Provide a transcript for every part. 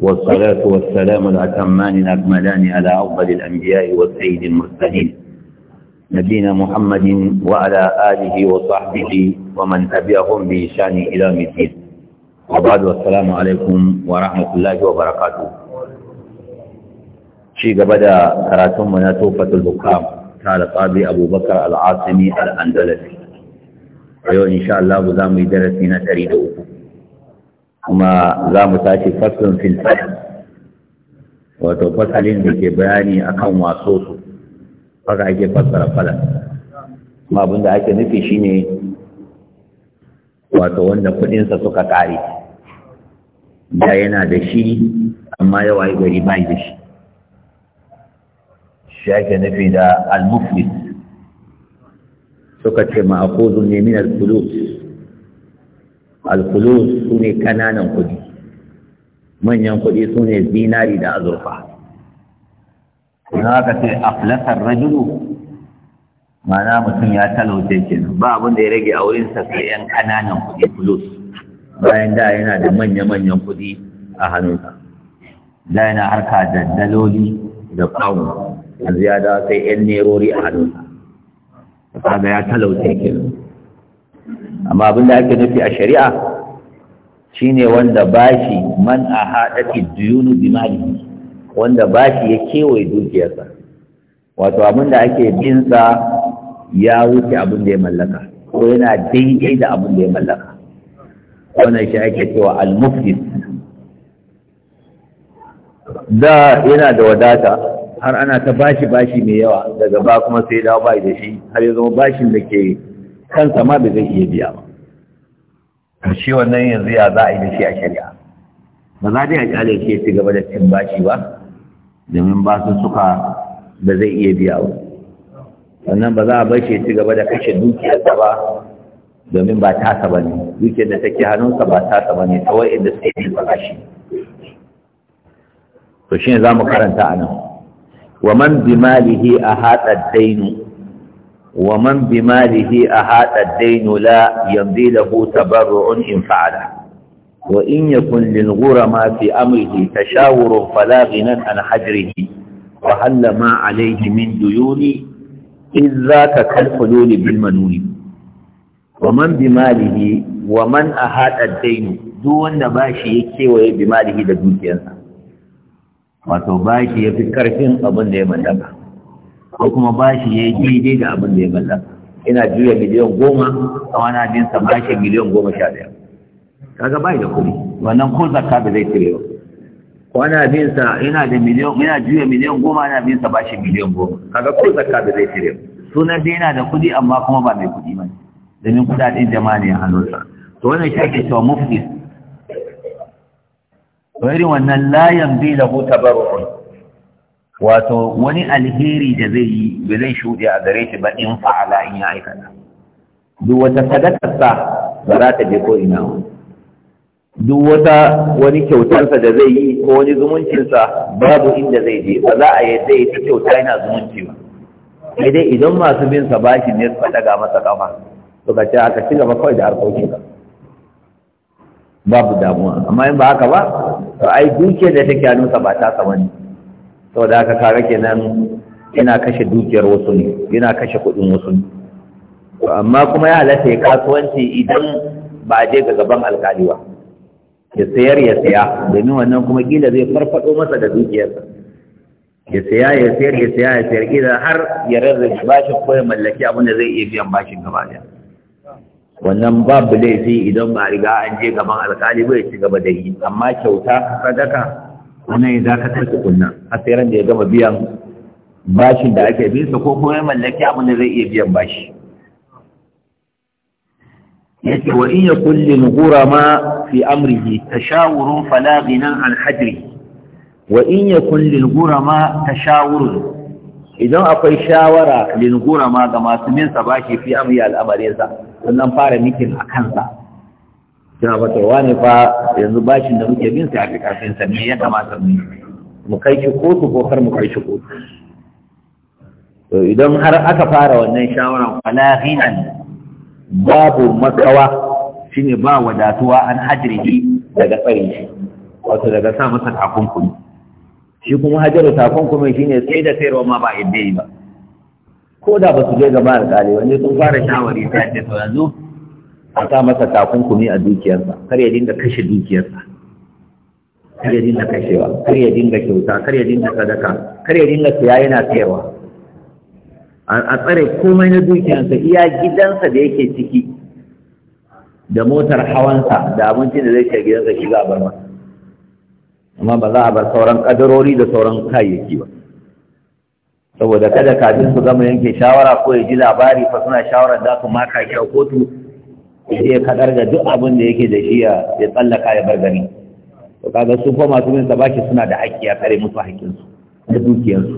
والصلاة والسلام الأتمان الأكملان على أفضل الأنبياء والسيد المرسلين نبينا محمد وعلى آله وصحبه ومن تبعهم بإشان إلى مثيل وبعد والسلام عليكم ورحمة الله وبركاته شيء بدأ كراتم من توفة تعالى قال أبو بكر العاصمي الأندلسي ويو أيوة، إن شاء الله ذا مدرسين تريد أكو kuma za mu tashi faslun fil wato fasalin da ke bayani akan waso su haka ake fasara kuma abin da ake nufi shine wato wanda kuɗinsa suka kare da yana da shi amma yawa yi gari bai da shi shi ake nufi da al-muflis suka ce ma'akuzun ne min al alkulu su ne kananan kuɗi manyan kuɗi su ne zinari da azurfa Za ka ce aflasar rajulu mana mutum ya talauce kenan ba abin da ya rage a sa sai yan kananan kuɗi plus bayan da yana da manya-manyan kuɗi a hannunsa da yana harka da daloli da kawo yanzu ya dawo sai yan nerori a hannunsa kaga ya talauce kenan amma abin da ake nufi a shari'a shi ne wanda bashi man a ke duyunu bimali wanda bashi ya kewaye dukiyarsa wato abin da ake binsa ya wuce abin da ya mallaka ko yana daidai da abin da ya mallaka wannan shi ake cewa al da yana da wadata har ana ta bashi bashi mai yawa daga ba kuma sai dawo bai da shi har ya zama bashin da ke kansa ma da zai iya biya ba to shi wannan yanzu ya za a yi da shi a shari'a ba za dai a kyale shi ya ci gaba da cin bashi ba domin ba su suka da zai iya biya ba sannan ba za a bar shi ya ci gaba da kashe dukiyarsa ba domin ba tasa ba ne dukiyar da take hannunsa ba tasa ba ne ta inda suke yi ba shi to shi ne za mu karanta a nan wa man bi malihi a hatsa dainu ومن بماله أهات الدين لا يمضي له تبرع إن فعله وإن يكن للغرماء في أمره تشاور فلا غنى عن حجره وهل ما عليه من ديون إذ ذاك كالحلول بالمنون ومن بماله ومن أهات الدين دون نباشي يكيوي بماله لدوتي wato وتباشي في fi ƙarfin abin da ko kuma bashi ya yi daidai da abin da ya mallaka ina juya miliyan goma a wani abin sa shi miliyan goma sha ɗaya kaga bai da kuɗi wannan ko zakka da zai cire ba ko ana bin sa ina da miliyan ina juya miliyan goma ana bin sa shi miliyan goma kaga ko zakka da zai cire ba sunan dai yana da kuɗi amma kuma ba mai kuɗi ba domin kuɗaɗen jama'a ne a hannunsa to wannan shi ake cewa mufti to irin wannan layan bi lahu tabarru'un wato wani alheri da zai yi ba zai shuɗe a gare shi ba in fa'ala in ya aikata duk wata sadakarsa ba za ta je ko ina duk wata wani kyautarsa da zai yi ko wani zumuncinsa babu inda zai je ba za a yadda ya ta kyauta yana zumunci ba sai dai idan masu bin sa bashi ne su faɗa ga masa kafa to ka ce aka ci gaba kawai da harkokin ka babu damuwa amma in ba haka ba to ai dukiyar da take hannunsa ba ta sa da aka kare kenan yana kashe dukiyar wasu ne yana kashe kuɗin wasu ne amma kuma ya halatta ya kasuwanci idan ba a je ga gaban alkali ba ya sayar ya saya domin wannan kuma kila zai farfado masa da dukiyarsa ya saya ya sayar ya saya ya sayar kila har ya rarrabe bashin ko ya mallaki abin da zai iya biyan bashin gaba ɗaya wannan babu laifi idan ba riga an je gaban alkali ba ya ci gaba da yi amma kyauta sadaka wannan ya dakatar tukunna har a tseren da ya gama biyan bashin da ake bisa, ko kuma ya mallaki abin da zai iya biyan bashi Ya ce wa in yakul lil ghurama fi amrihi tashawurun fala ghinan an hadri wa in ya yakul lil ghurama tashawurun idan akwai shawara lil ghurama ga masu min sa bashi fi amri al amarin sa sannan fara mikin a kansa. suna fata wani fa yanzu bashin da muke bin sa a fi kafin sa ne ya kamata mu mu kai shi kotu ko kar mu kai shi kotu to idan har aka fara wannan shawaran fala ghinan babu makawa shine ba wadatuwa an hajrihi daga tsare shi wato daga sa masa takunkumi shi kuma hajaru takunkumi shine sai da sayarwa ma ba yadda yi ba ko da ba su je gaba alƙali wani sun fara shawari ta yadda to yanzu a sa masa takunkumi a dukiyarsa kar ya dinga kashe dukiyarsa kar ya dinga kashewa kar ya dinga kyauta kar ya dinga sadaka kar ya dinga siya yana siyarwa a tsare komai na dukiyarsa iya gidansa da yake ciki da motar hawansa da abincin da zai shiga gidansa shi za a bar masa amma ba za a bar sauran kadarori da sauran kayayyaki ba saboda kada kafin su gama yanke shawara ko ya ji labari fa suna shawarar da su maka kyau kotu ya kadar da duk abin da yake da shiya ya tsallaka ya bar gari to kaga su ko masu bin sabaki suna da haƙƙi a kare musu haƙƙinsu da dukiyarsu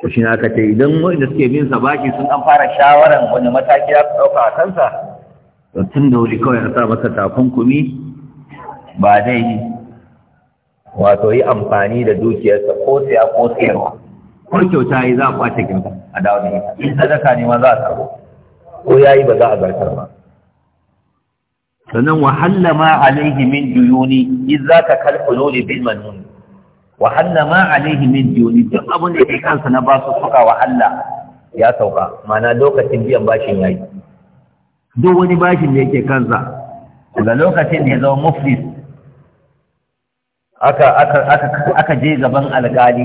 su shi na kace idan wanda suke bin sabaki sun dan fara shawaran wani mataki ya su ɗauka a kansa to tun da wuri kawai a sa masa takunkumi ba zai wato yi amfani da dukiyarsa ko siya ko siyarwa ko kyauta yi za a kwace kyauta a dawo da ita in sadaka ne ma za a sabo ko yayi ba za a zartar ba sannan wa hallama alaihi min duyuni idzaka kalqululi bil manun wa hallama alaihi min duyuni duk abin da ke kansa na basu suka wa ya sauka mana lokacin biyan bashin yayi duk wani bashin da yake kansa daga lokacin da ya zama muflis aka aka aka aka je gaban alƙali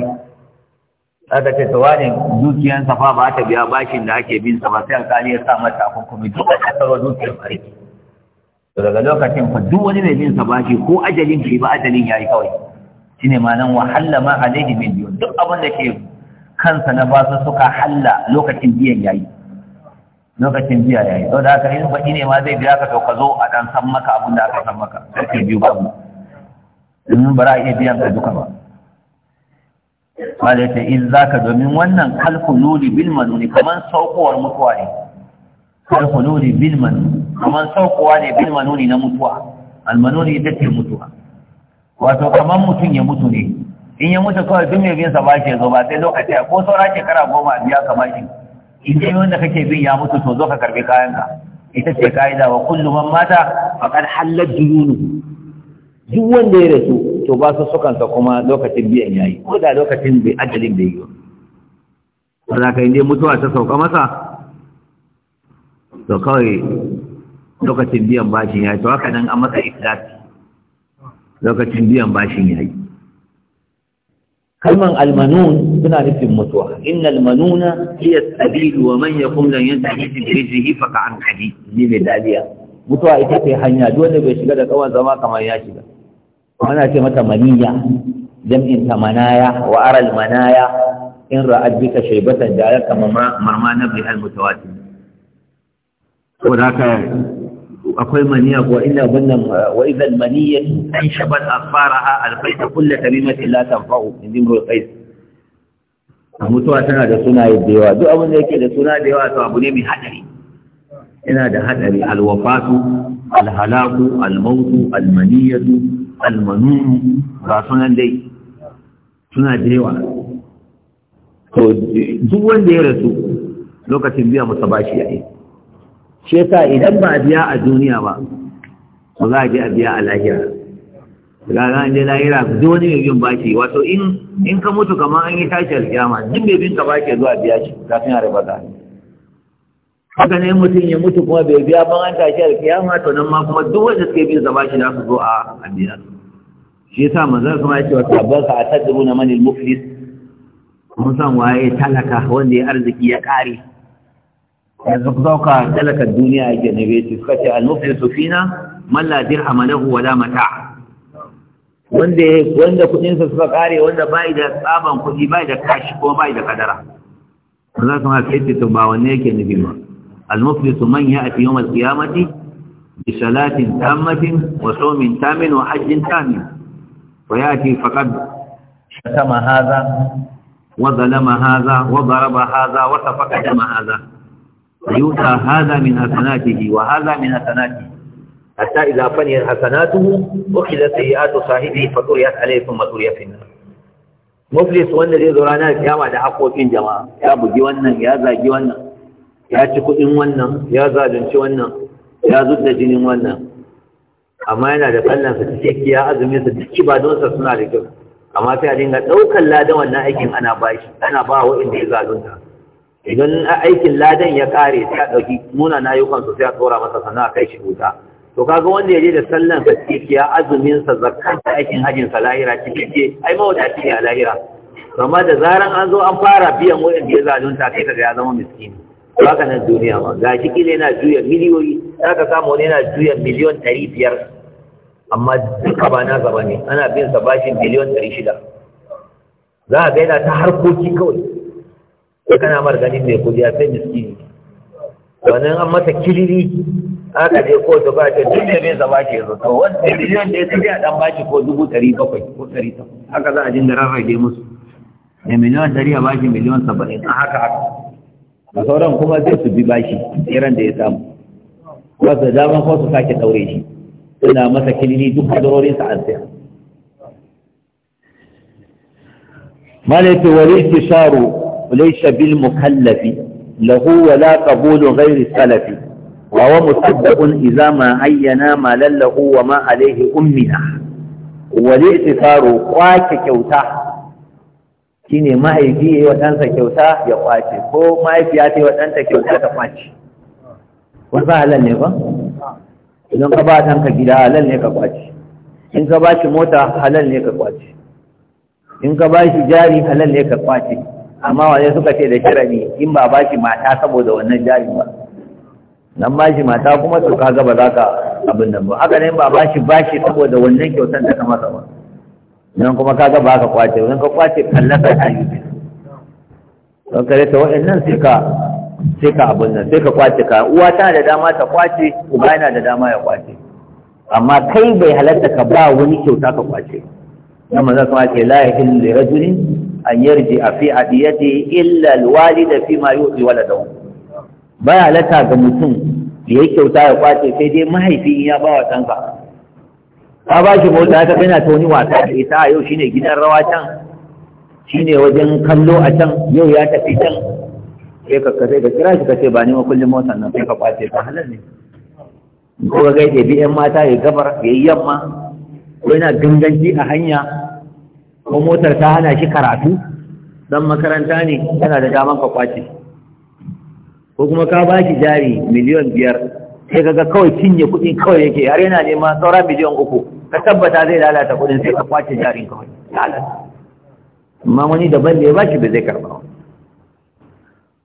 aka ce ta wane dukiyan safa ba ta biya bashin da ake bin sa ba sai alƙali ya sa mata hukumi duk aka sarwa dukiyar farki to daga lokacin fa duk wani mai bin sa bashi ko ajalin shi ba ajalin yayi kawai shine ma nan wa ma alaihi min biyu duk abin da ke kansa na basu suka halla lokacin biyan yayi lokacin biya yayi to da yi in baki ne ma zai biya ka to ka zo a dan san maka abin da aka san maka sai biyu ba mu in ba za a iya biyan ka duka ba malaita in za ka domin wannan kalkululi bil manuni kamar saukowar mutuwa ne kalkululi bil manuni kamar saukowa ne bil manuni na mutuwa almanuni ita ce mutuwa wato kamar mutum ya mutu ne in ya mutu kawai duk mai bin sa bashi ya zo ba sai lokaci a ko saura shekara goma a biya kamar shi in dai wanda kake bin ya mutu to zo ka karbi kayan ka ita ce ka'ida wa kullu man mata faqad halal duyunu duk wanda ya rasu to ba su ta kuma lokacin biyan yayi ko da lokacin bai ajalin bai yi ba za ka yi dai mutuwa ta sauka masa to kawai lokacin biyan bashin yayi to haka nan an masa ikhlasi lokacin biyan bashin yayi kalman almanun suna nufin mutuwa innal manuna hiya sabil wa man yaqum lan yantahi bi rijlihi fa an hadi ni mai daliya mutuwa ita ce hanya duk wanda bai shiga da kawan zama kamar ya shiga ana ce mata maniya jam'in ta manaya wa aral manaya in ra'ad bika shaybatan da ya kama marma na bi al mutawatir saboda haka akwai maniya ko inna bunnan wa idha al maniyya an shabat asfaraha al bayt kull kalimati la tanfa'u in dimru qais mutuwa tana da sunaye da yawa duk abin da yake da suna da yawa to abu ne mai hadari Ina da hadari al wafatu al halaku al mautu al maniyatu almanuni ba sunan dai suna da yawa to duk wanda ya rasu lokacin biya masa bashi ya yi shi yasa idan ba a biya a duniya ba ba za a je a biya a lahira ga an je lahira ji wani mai bashi wato in in ka mutu kamar an yi tashi alkiyama duk mai bin ka bashi zuwa biya shi kafin a raba haka ne mutum ya mutu kuma bai biya ban an tashi alkiyama to nan ma kuma duk wanda suke bin sa shi za su zo a abiya shi yasa manzon kuma ya ce wa tabbaka atadruna na al-muflis mun san waye talaka wanda ya arziki ya kare yanzu ku dauka duniya ya ne bai ce suka ce al-muflisu fina malla la dirhama lahu wala mata' wanda wanda kuɗinsa suka kare wanda bai da tsaban kudi bai da kashi ko bai da kadara Maza kuma ma ce to ba wanne yake nufi ba المفلس من يأتي يوم القيامة بصلاة تامة وصوم تام وحج تام ويأتي فقد شتم هذا وظلم هذا وضرب هذا وسفك دم هذا ويؤتى هذا من حسناته وهذا من حسناته حتى إذا فنيت حسناته أخذت سيئات صاحبه فطريت عليه ثم طري في النار مفلس وأن ذي ذرانا القيامة ده حقوق الجماعة يا بجي وأن يا ذا جي وأن ya ci kuɗin wannan ya zalunci wannan ya zudda jinin wannan amma yana da sallansa cikakkiya azumin sa duk kibadonsa suna da kyau amma sai a dinga ɗaukar ladan wannan aikin ana ba shi ana ba wa inda ya zalunta idan aikin ladan ya kare sai a ɗauki muna na ayyukan su sai a tsora masa sannan a kai shi wuta to kaga wanda ya je da sallan sa cikakkiya azumin sa zakkan aikin hajin sa lahira cikakke ai wata ne a lahira amma da zaran an zo an fara biyan wa'in da ya zalunta kai kaga ya zama miskini haka nan duniya ma ga shi kila yana juya miliyoyi za ka samu wani yana juya miliyon ɗari biyar amma duka ba na gaba ne ana bin sa bashin miliyon ɗari shida za a gaida ta harkoki kawai ko kana mar ganin mai kudi a sai miskini wannan an masa kiriri aka je ko ta bashi duk da bin sa bashi yanzu to wanda miliyon ɗaya sai a ɗan bashi ko dubu ɗari bakwai ko ɗari takwas haka za a dinga rarrage musu da miliyon ɗari a bashi miliyon saba'in haka haka A sauran kuma zai su bi bashi iran da ya samu ba su dama ko su sake daure shi suna masa kilini duk kadarorin sa an saya malaka wal istisharu laysa bil mukallafi lahu wala la qabulu ghairi salafi wa huwa musaddaqun idza ma ayyana ma lallahu wa ma alayhi ummina wal istisharu kwace kyauta shine mahaifi ya yi wa ɗansa kyauta ya kwace ko mahaifiya ta yi wa ɗanta kyauta ta kwace wasu halal ne ba idan ka ba ɗanka gida halal ne ka kwace in ka ba shi mota halal ne ka kwace in ka ba shi jari halal ne ka kwace amma wane suka ce da shirani in ba ba shi mata saboda wannan jari ba nan ba shi mata kuma to ka ba za ka abin nan ba haka ne ba ba shi ba shi saboda wannan kyautar da ta masa ba nan kuma kaga ba ka kwace wajen ka kwace kallaka a yi don kare ta waɗannan sai ka sai ka abin nan sai ka kwace ka uwa ta da dama ta kwace uba yana da dama ya kwace amma kai bai halarta ka ba wani kyauta ka kwace nan maza kuma ce la hin da rajulin an yarji fi a adiyati illa da fi ma wala da ba halatta ga mutum ya kyauta ya kwace sai dai mahaifi ya ba wa ɗansa ka ba shi mota ta kana ta wani wasa da ita yau shine gidan rawa can shine wajen kallo a can yau ya tafi can sai ka sai ka kira shi ka ce ba ni kullum mota nan sai ka kwace ta halal ne ko ga gaide bi yan mata ya gabar ya yi yamma ko yana ganganci a hanya ko motar ta hana shi karatu dan makaranta ne tana da daman ka kwace ko kuma ka ba shi jari miliyan biyar sai kaga kawai cinye kuɗi kawai yake har yana nema saura miliyan uku ka tabbata zai lalata kudin sai ka kwace jarin kawai lalata amma wani daban da ya ba shi bai zai karba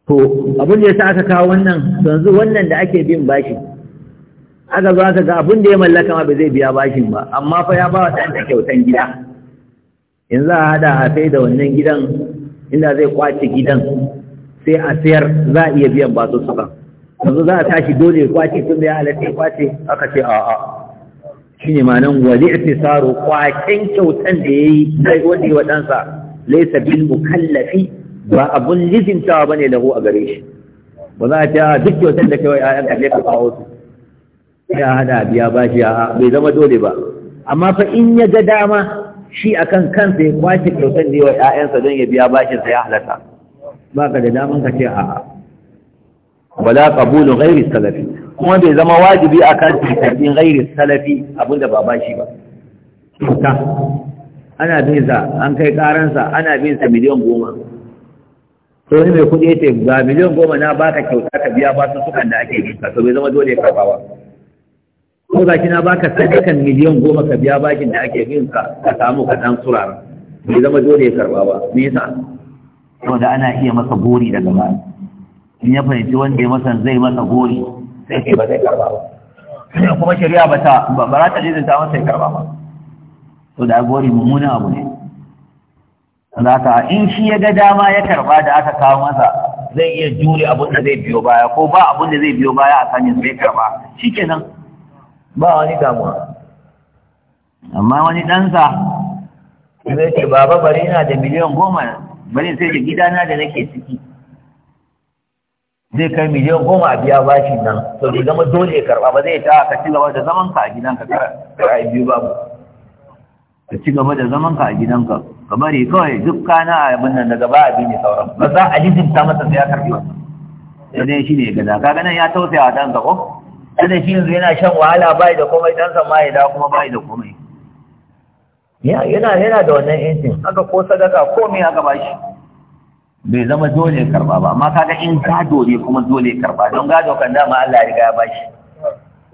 to abin da ya sa aka kawo wannan yanzu wannan da ake bin bashi aka zo aka ga abin da ya mallaka ma bai zai biya bashin ba amma fa ya ba wa ɗanta kyautan gida yanzu a haɗa a sai da wannan gidan inda zai kwace gidan sai a sayar za a iya biyan ba su suka yanzu za a tashi dole ya kwace tun da ya halatta ya kwace aka ce a'a shi ne ma nan wali saro kwakin kyautan da ya yi sai wani waɗansa laisa bil mukallafi ba abun lizintawa ne lahu a gare shi ba za a ce a ah, duk kyautan da kawai ayan kalle ka kawo su ya hada biya ba shi a bai zama dole ba amma fa in ya ga dama shi akan kansa ya kwace kyautan da ya wa ƴaƴansa don ya biya bashin sa ya halatta ba ka da daman ka ce a'a wala qabulu ghairi salafi kuma bai zama wajibi a kan tarbin gairi salafi abinda ba ba shi ba kyauta ana bin sa an kai karansa ana bin sa miliyan goma to ni mai kuɗi ce ba miliyan goma na baka kyauta ka biya ba su sukan da ake bin ka to bai zama dole ka ba ko ga kina baka sadakan miliyan goma ka biya bakin da ake bin ka ka samu ka dan surara bai zama dole ya karɓa ba me yasa saboda ana iya masa gori daga baya in ya fahimci wanda ya masa zai masa gori sai ke ba zai karba ba kuma shari'a ba ta ba za ta lizinta masa ya karba ba to da gori mummunan abu ne zaka in shi ya ga dama ya karba da aka kawo masa zai iya jure abin da zai biyo baya ko ba abin da zai biyo baya a sanin zai karba shikenan ba wani damuwa amma wani ɗansa zai ce baba bari na da miliyan goma bari sai da gidana da nake ciki zai kai miliyan goma a biya bashin nan to bai zama dole ya karba ba zai ta ka ci gaba da zaman ka a gidan ka kara biyu babu ka ci gaba da zaman ka a gidan ka bari kawai duk kana a abin nan daga ba abin ne sauran ba za a ta masa sai ya karbi wannan sai shi ne gada. kaga nan ya tausaya dan ka ko sai shi yanzu yana shan wahala bai da komai dan sa mai da kuma bai da komai yana yana da wannan yancin haka ko sadaka ko me haka bashi bai zama dole karba ba amma kaga in gado ne kuma dole karba don gado kan dama Allah ya riga ya bashi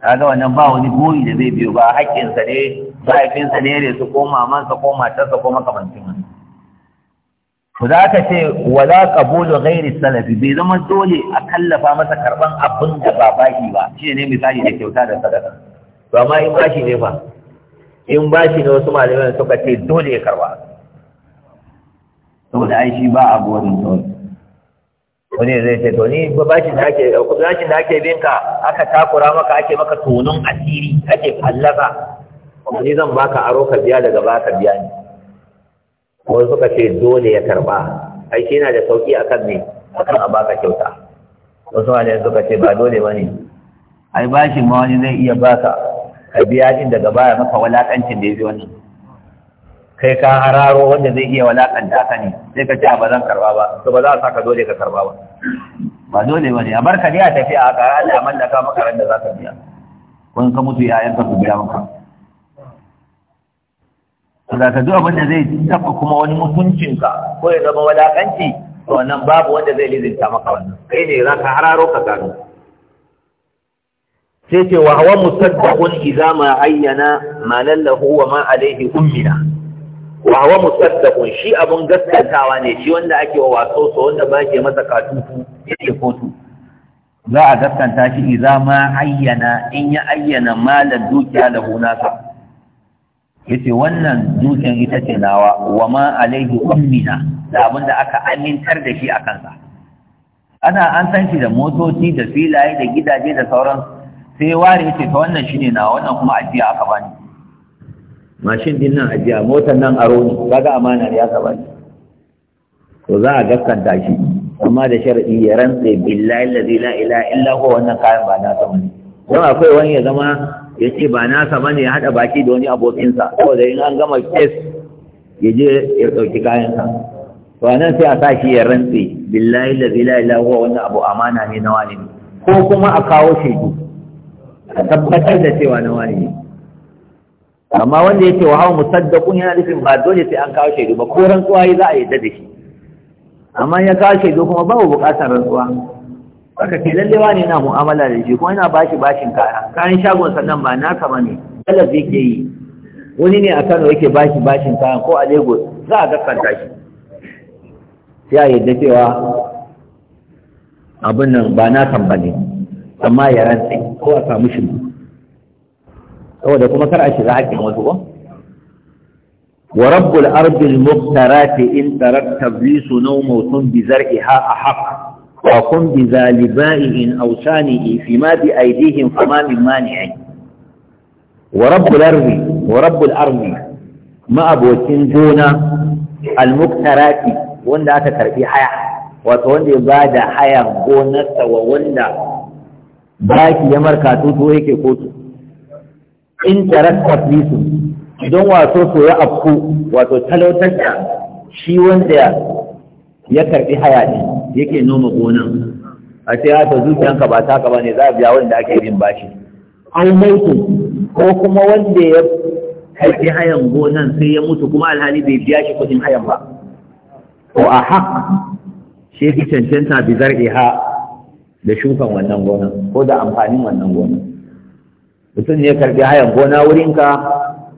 kaga wannan ba wani goyi da zai biyo ba sa ne sa ne ne su ko sa ko matarsa ko makamancin wani ku za ka ce wala qabulu ghairi salafi bai zama dole a kallafa masa karban abin da ba baki ba shi ne misali da kyauta da sadaka to amma in bashi ne fa in bashi ne wasu malamai suka ce dole ya karba saboda ai shi ba a burin sauri wani zai ce to ni bashin da ake bashin da ake ka aka takura maka ake maka tonon asiri ake Kuma ni zan baka aro ka biya daga baka biya ni wani suka ce dole ya karba ai shi yana da sauki akan ne akan a baka kyauta wasu wani suka ce ba dole ba ne ai bashin ma wani zai iya baka ka biya din daga baya maka walakancin da ya fi wannan kai ka hararo wanda zai iya walakanta ka ne sai ka ce ba zan karba ba to ba za a saka dole ka karba ba ba dole ba ne a barka ne a tafi a kara da a mallaka maka ran da za ka biya kun ka mutu yayan ka su biya maka to da ka zuwa wanda zai taba kuma wani ka ko ya zama walakanci to wannan babu wanda zai lizinta maka wannan kai ne za ka hararo ka gano sai ce wa hawa musaddaqun idza ma ayyana ma lallahu wa ma alayhi ummina wa wa musaddaqun shi abun gaskantawa ne shi wanda ake wa waso so wanda ba ke masa katutu yake kotu za a gaskanta shi idza ma ayyana in ya ayyana malan dukiya da hunasa yace wannan dukiyar ita ce nawa wa ma alaihi ummina da abin da aka amintar da shi a kansa ana an san shi da motoci da filaye da gidaje da sauran sai ware yace ta wannan shine nawa wannan kuma ajiya aka bani mashin din nan ajiya motar nan aro ne kaga amana ne saba ne. to za a gaskanta shi amma da shar'i ya rantse billahi allazi la ilaha illa huwa wannan kayan ba na sama ne don akwai wani ya zama ya ce ba na ba ne ya haɗa baki da wani abokinsa saboda in an gama kes ya je ya kayan kayansa to anan sai a sa shi ya rantse billahi allazi la ilaha huwa wannan abu amana ne na wani ko kuma a kawo shi a tabbatar da cewa na wani ne amma wanda yake wa hawa musaddaqun yana nufin ba dole sai an kawo shaidu ba ko rantsuwa za a yadda da shi amma ya kawo shaidu kuma babu buƙatar rantsuwa haka ke lallewa ne yana mu'amala da shi kuma yana bashi bashin kaya kayan shagon sannan ba naka ba ne zai yake yi wani ne a kano yake bashi bashin kaya ko a lagos za a gaskanta shi sai a yadda cewa abin nan ba na ne amma ya rantsi ko a samu shi saboda kuma kar a shiga hakkin wasu ko wa rabbul ardil muqtarati in tarakta bi sunawmutun bi zar'iha ahaq wa kun bi zalibaihin aw sani'i fi ma bi aydihim fama min mani'i wa rabbul ardi wa rabbul ardi ma abokin gona al muqtarati wanda aka karbi haya wato wanda ya bada haya gonarsa wa wanda baki ya marka tuto yake kotu in tarakkat lisu idan wato so ya afku wato talautar da shi wanda ya karbi haya ne yake noma gonan a ce ya ah, ta zuciyanka ba ta ka ba ne za a biya wanda ake bin bashi an mutu ko kuma wanda ya karbi hayan gonan sai ya mutu kuma alhali bai biya shi kudin hayan ba ko a haq shi cancanta bizar iha da shukan wannan gonan ko da amfanin wannan gonan mutum ne karbi hayan gona wurinka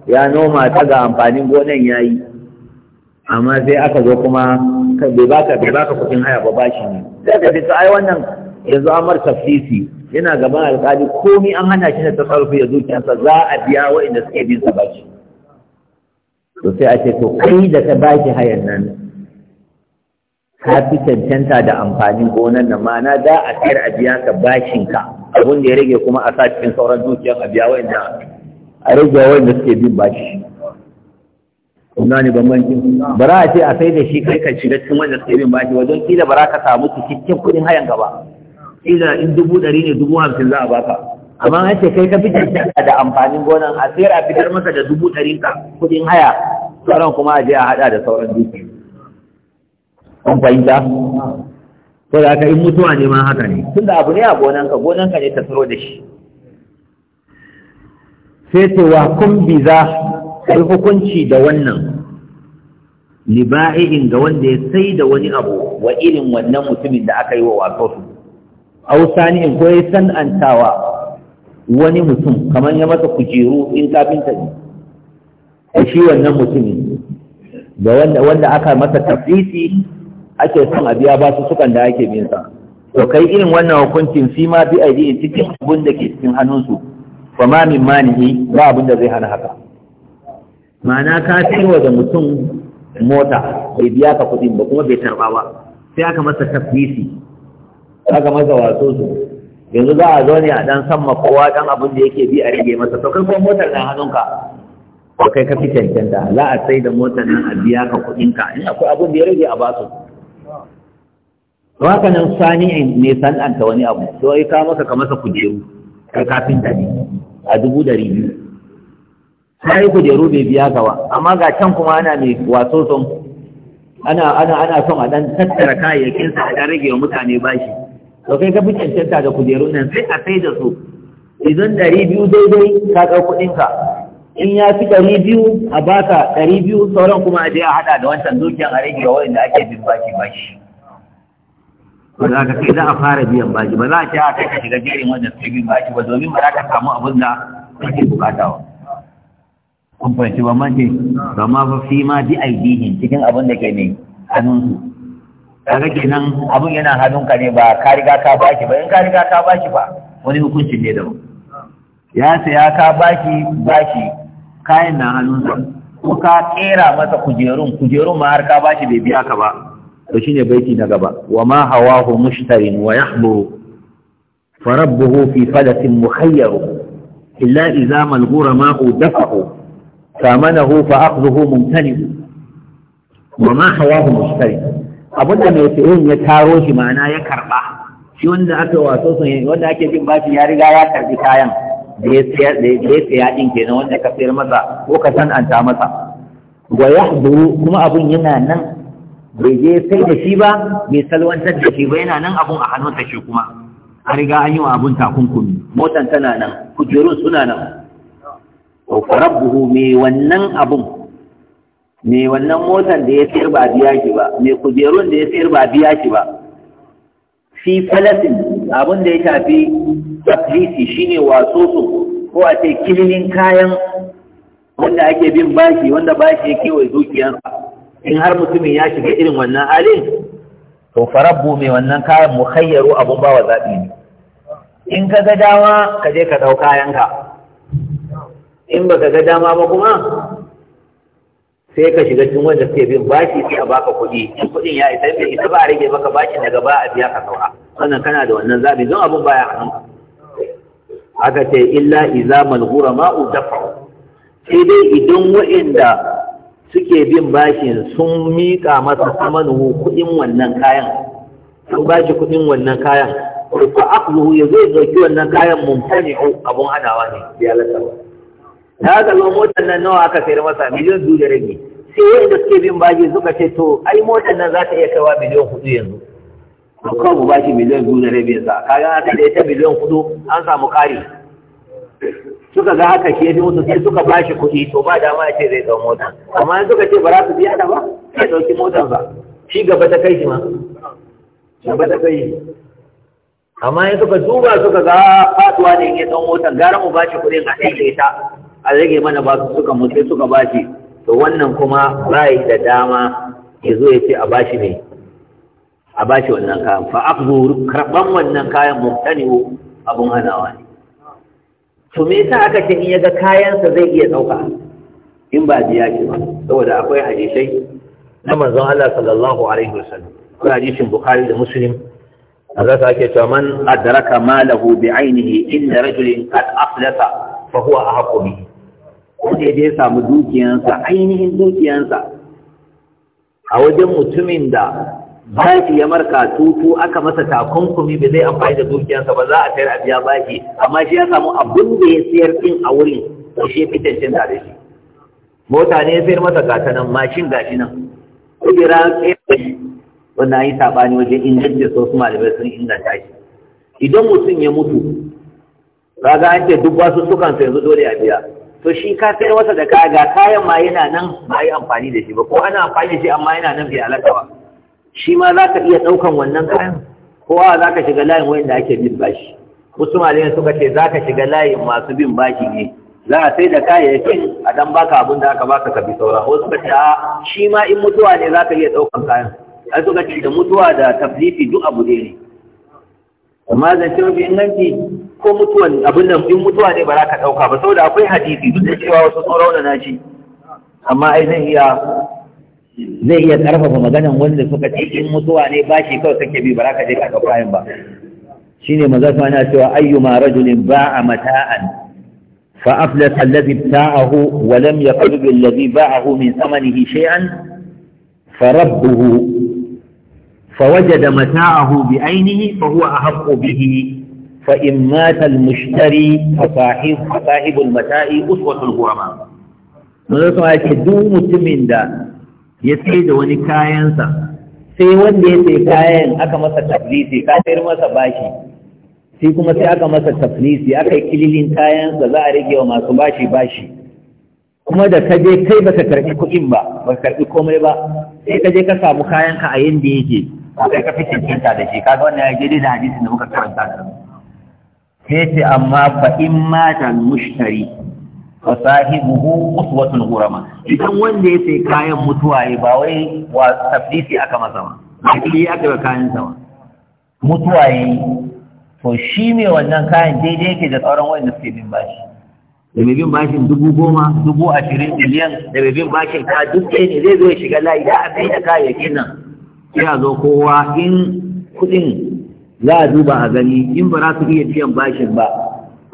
ya noma ta ga amfanin gonan ya yi amma sai aka zo kuma bai baka bai baka kuɗin haya ba bashi ne sai ka ai wannan yanzu amar tafsisi yana gaban alƙali komi an hana shi da tasarrufi da sa, za a biya waɗanda suke bin sa bashi to sai a ce to kai da ka bashi hayan nan ka fi cancanta da amfanin gonan nan ma'ana za a sayar a biya ka bashin ka abun da ya rage kuma a sa cikin sauran dukiyar a biya da a rage da suke bin bashi kuma ne bambanci bara a ce a sai da shi kai ka shiga cikin wanda suke bin bashi wajen kila bara ka samu cikakken kuɗin hayan gaba kila in dubu ɗari ne dubu hamsin za a baka amma an ce kai ka fitar da amfanin gonan a sayar a fitar masa da dubu ɗari ka kuɗin haya sauran kuma a je a haɗa da sauran dukiyar. kun fahimta ko da ka yi mutuwa ne ma haka ne tun da abu ne a gonanka gonanka ne ta tsaro da shi sai ce wa kun biza kai hukunci da wannan liba'in ga wanda ya sai da wani abu wa irin wannan mutumin da aka yi wa wato su au sani'in ko ya san'antawa wani mutum kamar ya masa kujeru in kafinta ne a shi wannan mutumin da wanda aka masa tafisi ake son a biya basu sukan da ake bin sa to kai irin wannan hukuncin fi ma bi aidi cikin abin da ke cikin hannunsu fa ma min manihi ba abin da zai hana haka ma'ana ka cewa da mutum mota bai biya ka kuɗin ba kuma bai tarba ba sai aka masa tafisi aka masa wato su yanzu za a zo ne a dan san kowa dan abin da yake bi a rige masa to kai ko motar na hannunka ko kai ka fi cancanta Za a sai da motar nan a biya ka kuɗinka in akwai abin da ya rage a basu waka nan sani'in ne san'anta wani abu to ai ka maka ka masa kujeru ka kafin da ne a dubu ɗari biyu sai kujeru bai biya ka amma ga can kuma ana mai wato son ana ana ana son a dan tattara kayayyakinsa a rage wa mutane bashi to kai ka fi cancanta da kujerun nan sai a sai da su idan ɗari biyu daidai ka ɗau kuɗinka in ya fi ɗari biyu a baka ɗari biyu sauran kuma a je a haɗa da wancan dukiyar a rage wa wanda ake bin bashi bashi ba za ka sai za a fara biyan baki ba za a ce kai ka shiga jerin wanda suke biyan baki ba domin ba za ka samu abin da kake bukata ba kun fahimci ba mace ba ma fa fi ma bi aidihin cikin abin da ke ne su kaga kenan abin yana hannunka ne ba ka riga ka baki ba in ka riga ka baki ba wani hukuncin ne daban ya saya ka baki baki kayan na hannunsa ko ka kera masa kujerun kujerun ma har ka bashi bai biya ka ba to shine baiti na gaba wa ma hawahu mushtarin wa yahbu فربه في فلة مخير إلا إذا ما الغرماء دفعوا ثامنه Wa ma وما حواه مشتري Abunda mai sayen ya taro shi ma'ana ya karba shi wanda aka wato sun wanda ake jin bashi ya riga ya karbi kayan da ya tsaya da ya saya din kenan wanda ka sayar masa ko ka ta masa wa yahduru kuma abun yana nan bai je sai da shi ba bai salwantar da shi ba yana nan abun a ta shi kuma a riga an yi wa abun takunkumi motan tana nan kujerun suna nan Ko rabbuhu me wannan abun me wannan motan da ya sayar ba biya shi ba me kujerun da ya sayar ba biya shi ba fi falasin abun da ya shafi taflisi shine su? ko a ce kilinin kayan wanda ake bin bashi wanda bashi ya kewaye dukiyarsa in har mutumin ya shiga irin wannan halin to farabbu mai wannan kayan mukhayyaru abun ba wa zaɓi ne in ka ga dama ka je ka ɗau kayanka in ba ka ga dama ba kuma sai ka shiga cikin wanda suke bin bashi sai a baka kuɗi in kuɗin ya isa bai isa ba a rage maka bashi daga ba a biya ka sauka wannan kana da wannan zaɓi don abun baya hannunka aka ce illa iza malhura ma'u dafa sai dai idan wa'inda suke bin bashin sun miƙa masa samanuhu kuɗin wannan kayan sun ba shi kuɗin wannan kayan ko aqluhu ya zai dauki wannan kayan mumtani'u abun hadawa ne ya lasa ta ga motar nan nawa aka sayar masa miliyan biyu da rabi sai wanda suke bin bashi suka ce to ai motar nan za ta iya kaiwa miliyan hudu yanzu to kawai mu bashi miliyan biyu da rabi yanzu kaga aka da ita miliyan hudu an samu ƙari suka ga haka shi fi mutu sai suka bashi kuɗi to ba dama ya ce zai ɗau mota amma in suka ce ba za su biya da ba sai ɗauki motar ba shi gaba ta kai shi ma gaba ta kai shi amma in suka duba suka ga faduwa ne ya ɗau mota, gara mu bashi kuɗin a ɗaiɗe ta a rage mana ba su suka mutu suka bashi to wannan kuma ba yi da dama ya zo ya ce a bashi ne a bashi wannan kayan fa karɓan karban wannan kayan muhtani abun hanawa ne to me yasa aka ce in ya ga kayansa zai iya ɗauka in ba biya shi ba saboda akwai hadisai na manzon Allah sallallahu alaihi wasallam ko hadisin Bukhari da Muslim a zata ake cewa man adraka malahu bi ainihi inda rajulin qad aflasa fa huwa ahqqu bihi wanda ya samu dukiyansa ainihin dukiyansa a wajen mutumin da baki ya marka tutu aka masa takunkumi bai zai amfani da dukiyarsa ba za a sayar a biya baki amma shi ya samu abin da ya sayar din a wurin ko shi cin da shi mota ne ya sayar masa gata nan mashin gashi nan kudira tsaye wanda yi waje, wajen inganta so su malamai sun inganta shi idan mutum ya mutu kaga an ce duk wasu sukan sai yanzu dole a biya to shi ka sayar masa da kaya kayan ma yana nan ba yi amfani da shi ba ko ana amfani da shi amma yana nan bai alaka ba shi ma za ka iya ɗaukan wannan kayan kowa za ka shiga layin wanda ake bin bashi wasu malamai suka ce za ka shiga layin masu bin bashi ne za a sai da kayayyakin a dan baka abin da aka baka ka bi saura wasu suka ce shi ma in mutuwa ne za ka iya ɗaukan kayan ai suka ce da mutuwa da tafliti duk abu ɗaya ne amma zance mafi inganci ko mutuwan abin nan in mutuwa ne ba za ka ɗauka ba saboda akwai hadisi duk da cewa wasu tsoron da na shi amma ai zai iya zai iya ƙarfafa maganan wanda suka ce in mutuwa ne bashi shi kawai kake bi ba za ka ka kayan ba shi ne maza su ana cewa ayyuma ma ba a mata'an fa aflat allazi ta'ahu wa lam yaqrib allazi ba'ahu min samanihi shay'an fa rabbuhu fa wajada mata'ahu bi ainihi fa huwa ahaqqu bihi fa in mata al mushtari fa sahib sahibul mata'i uswatul ghurama maza su ce duk mutumin da ya sai da wani kayansa sai wanda ya sai kayan aka masa tafrisi, ka sayar masa bashi sai kuma sai aka masa tafrisi, aka yi kililin kayansa za a rage wa masu bashi bashi kuma da ka je kai baka karbi kuɗin ba ba ka karbi komai ba sai ka je ka samu kayanka a yanda yake kai ka fi cancanta da shi ga wannan ya gidi da hadisin da muka karanta da sai ce amma ba in mata mushtari wa sahibuhu uswatul ghurama idan wanda ya sai kayan mutuwa ya ba wai wa tafdisi aka masa ba hakili aka ba kayan sa ba mutuwa ya to shi ne wannan kayan daidai yake da sauran wanda suke bin bashi da mai bin bashin dubu goma dubu ashirin miliyan da mai bin bashin ka duk ɗaya ne zai zo ya shiga layi da aka yi da kayayyakin nan sai a zo kowa in kuɗin za a duba a gani in ba za su iya biyan bashin ba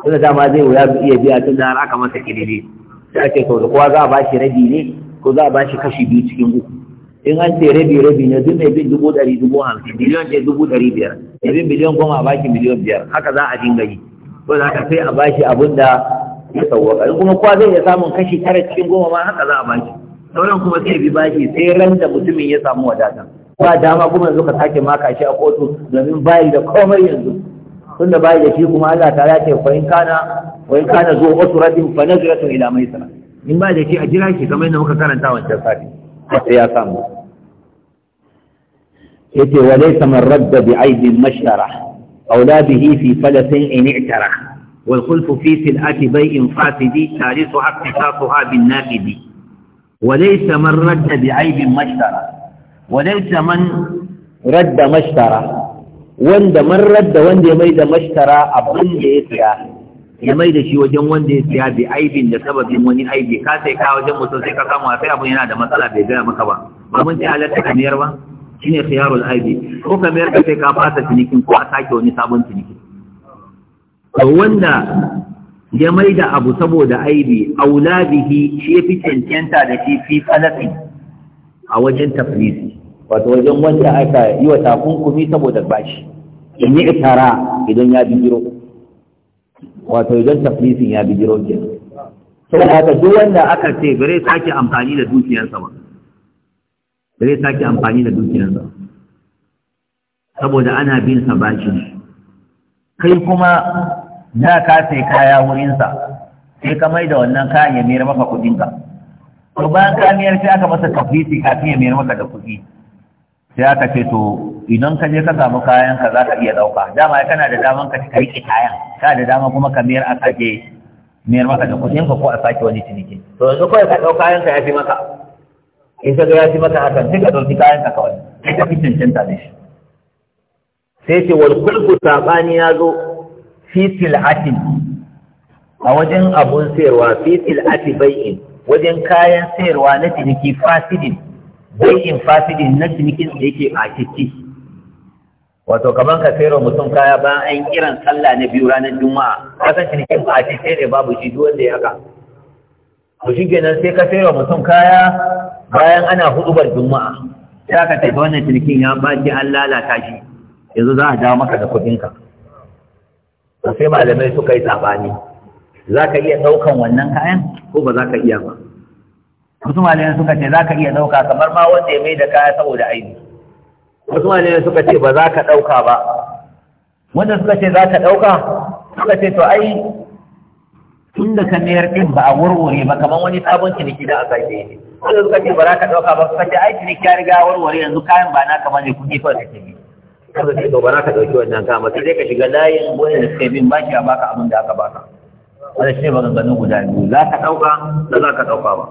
tunda dama zai wuya iya biya tun da har aka masa kirire sai ake to da kowa za a bashi rabi ne ko za a bashi kashi biyu cikin uku in an ce rabi rabi ne duk mai bin dubu ɗari dubu hamsin miliyon ce dubu ɗari biyar mai bin miliyon goma a bashi miliyon biyar haka za a dinga yi ko za ka sai a bashi abin da ya sauwaka in kuma kowa zai iya samun kashi tara cikin goma ma haka za a bashi sauran kuma sai bi bashi sai ran da mutumin ya samu wadata ba dama kuma yanzu ka sake maka shi a kotu domin bayi da komai yanzu tunda bai da shi kuma Allah ta ce fa in kana wa in kana zu usratin fa nazratun ila maisara in bai da shi a jira shi kamar yadda muka karanta wancan sati sai ya samu yace wa laysa man radda bi aibin mashara awladihi fi falasin in i'tara wal khulfu fi sil'ati bai'in fasidi tarisu haqqisasuha bin naqidi wa laysa man radda bi aibin mashara wa laysa man radda mashara wanda marar da wanda ya mai da mashtara abin da ya siya ya mai da shi wajen wanda ya siya bi aibin da sababin wani aibi ka sai ka wajen mutum sai ka kama sai abin yana da matsala bai gaya maka ba ba mun ta halatta miyar ba ne khiyarul aibi ko ka miyar ka sai ka fasa cinikin ko a sake wani sabon ciniki to wanda ya mai da abu saboda aibi aula bihi shi ya fi cancanta da shi fi falafi a wajen tafrisi wato wajen wanda aka yi wa takunkumi saboda bashi in yi itara idan ya bijiro wato idan taflisin ya bijiro ke da aka duk wanda aka ce bare sake amfani da dukiyarsa ba bare sake amfani da dukiyarsa saboda ana bin sa bashi kai kuma da ka sai kaya wurinsa sai ka mai da wannan kayan ya mayar maka kuɗinka to bayan ka miyar sai aka masa taflisi kafin ya mayar maka da kuɗi sai aka ce to idan ka je ka samu kayan ka za ka iya ɗauka dama kana da daman ka ka riƙe kayan kana da dama kuma ka miyar a sake miyar maka da kuɗin ka ko a sake wani ciniki to yanzu kawai ka ɗau kayan ka ya fi maka in ka ga ya fi maka hakan sai ka ɗauki kayan ka kawai sai ka fi cancanta da shi sai ce wal kulku sabani ya zo fi sil'atin a wajen abun sayarwa fi sil'ati bai'in wajen kayan sayarwa na ciniki fasidin bai'in fasidin na cinikin da yake ɓacicci wato kaman ka fero mutum kaya bayan an kiran sallah na biyu ranar juma'a kasan cinikin ɓacicce ne babu shi duk wanda ya haka to shi kenan sai ka fero mutum kaya bayan ana hudubar juma'a sai ka tafi wannan cinikin ya ɓaci an lalata shi yanzu za a dawo maka da kuɗin ka sai malamai suka yi saɓani za ka iya ɗaukan wannan kayan ko ba za ka iya ba wasu malayan suka ce za ka iya ɗauka kamar ma wanda ya mai da kaya saboda aini wasu malayan suka ce ba za ka ɗauka ba wanda suka ce za ka ɗauka suka ce to ai tun da ka mayar ɗin ba a warware ba kamar wani sabon ciniki da a sake wanda suka ce ba za ka ɗauka ba suka ce ai ciniki ya riga warware yanzu kayan ba naka ba ne kuɗi kawai ciniki ne kada sai ba bara ka ɗauki wannan kama sai dai ka shiga layin wani da suka bin bashi a baka abin da aka baka wanda shi ne maganganun guda biyu za ka ɗauka da za ka ɗauka ba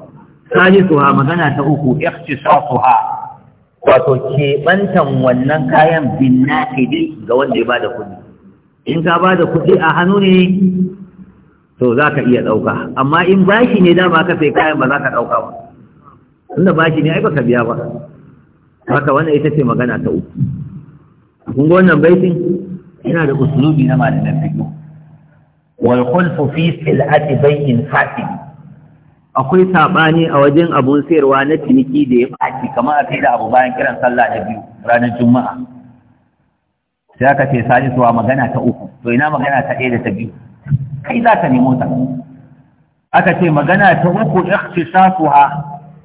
salisuha magana ta uku ikhtisasuha wato bantan wannan kayan bin naqidi ga wanda ya bada kuɗi in ka bada kuɗi a hannu ne to za ka iya ɗauka amma in bashi ne dama ka sai kayan ba za ka ɗauka ba tunda bashi ne ai ka biya ba haka wannan ita ce magana ta uku kun ga wannan baitin yana da usulubi na malamin fiqh wal khulfu fi sil'ati bay'in fasidi akwai saɓani a wajen abun sayarwa na ciniki da ya faɗi kamar a kai da abu bayan kiran sallah da biyu ranar juma'a sai aka ce sani suwa magana ta uku to ina magana ta ɗaya da ta biyu kai za ka nemo ta aka ce magana ta uku ya ikhtisasuha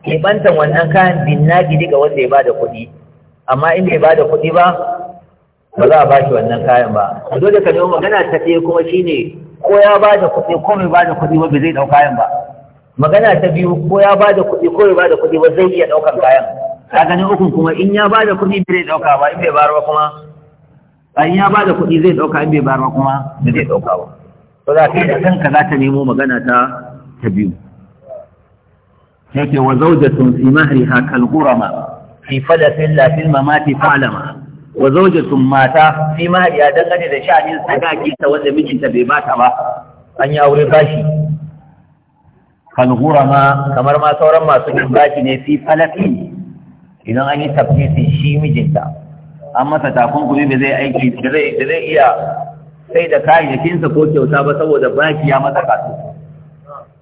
kebantan wannan kayan bin gidi ga wanda ya bada kuɗi amma in bai bada kuɗi ba ba za a ba shi wannan kayan ba a dole ka nemo magana ta ɗaya kuma shine ko ya bada kuɗi ko bai bada kuɗi ba bai zai ɗau kayan ba magana ta biyu ko ya ba da kuɗi ko ya ba da kuɗi ba zai iya ɗaukan kayan ka ganin uku kuma in ya ba da kuɗi bai ɗauka ba in bai bayar ba kuma in ya ba da kuɗi zai ɗauka in bai bayar ba kuma ba zai ɗauka ba to za ka da kanka za ta nemo magana ta ta biyu yake wa tun fi ha kal qurama fi fadatin la fil mamati fa'lama wa zaujatun mata fi mahriha dangane da sha'anin sadaki ta wanda mijinta bai bata ba an yi aure bashi kalgurama kamar ma sauran masu baki ne fi falafi idan an yi tafsirin shi mijinta an masa takunkumi da zai aiki da zai iya sai da kayayyakinsa ko kyauta ba saboda baki ya masa kasu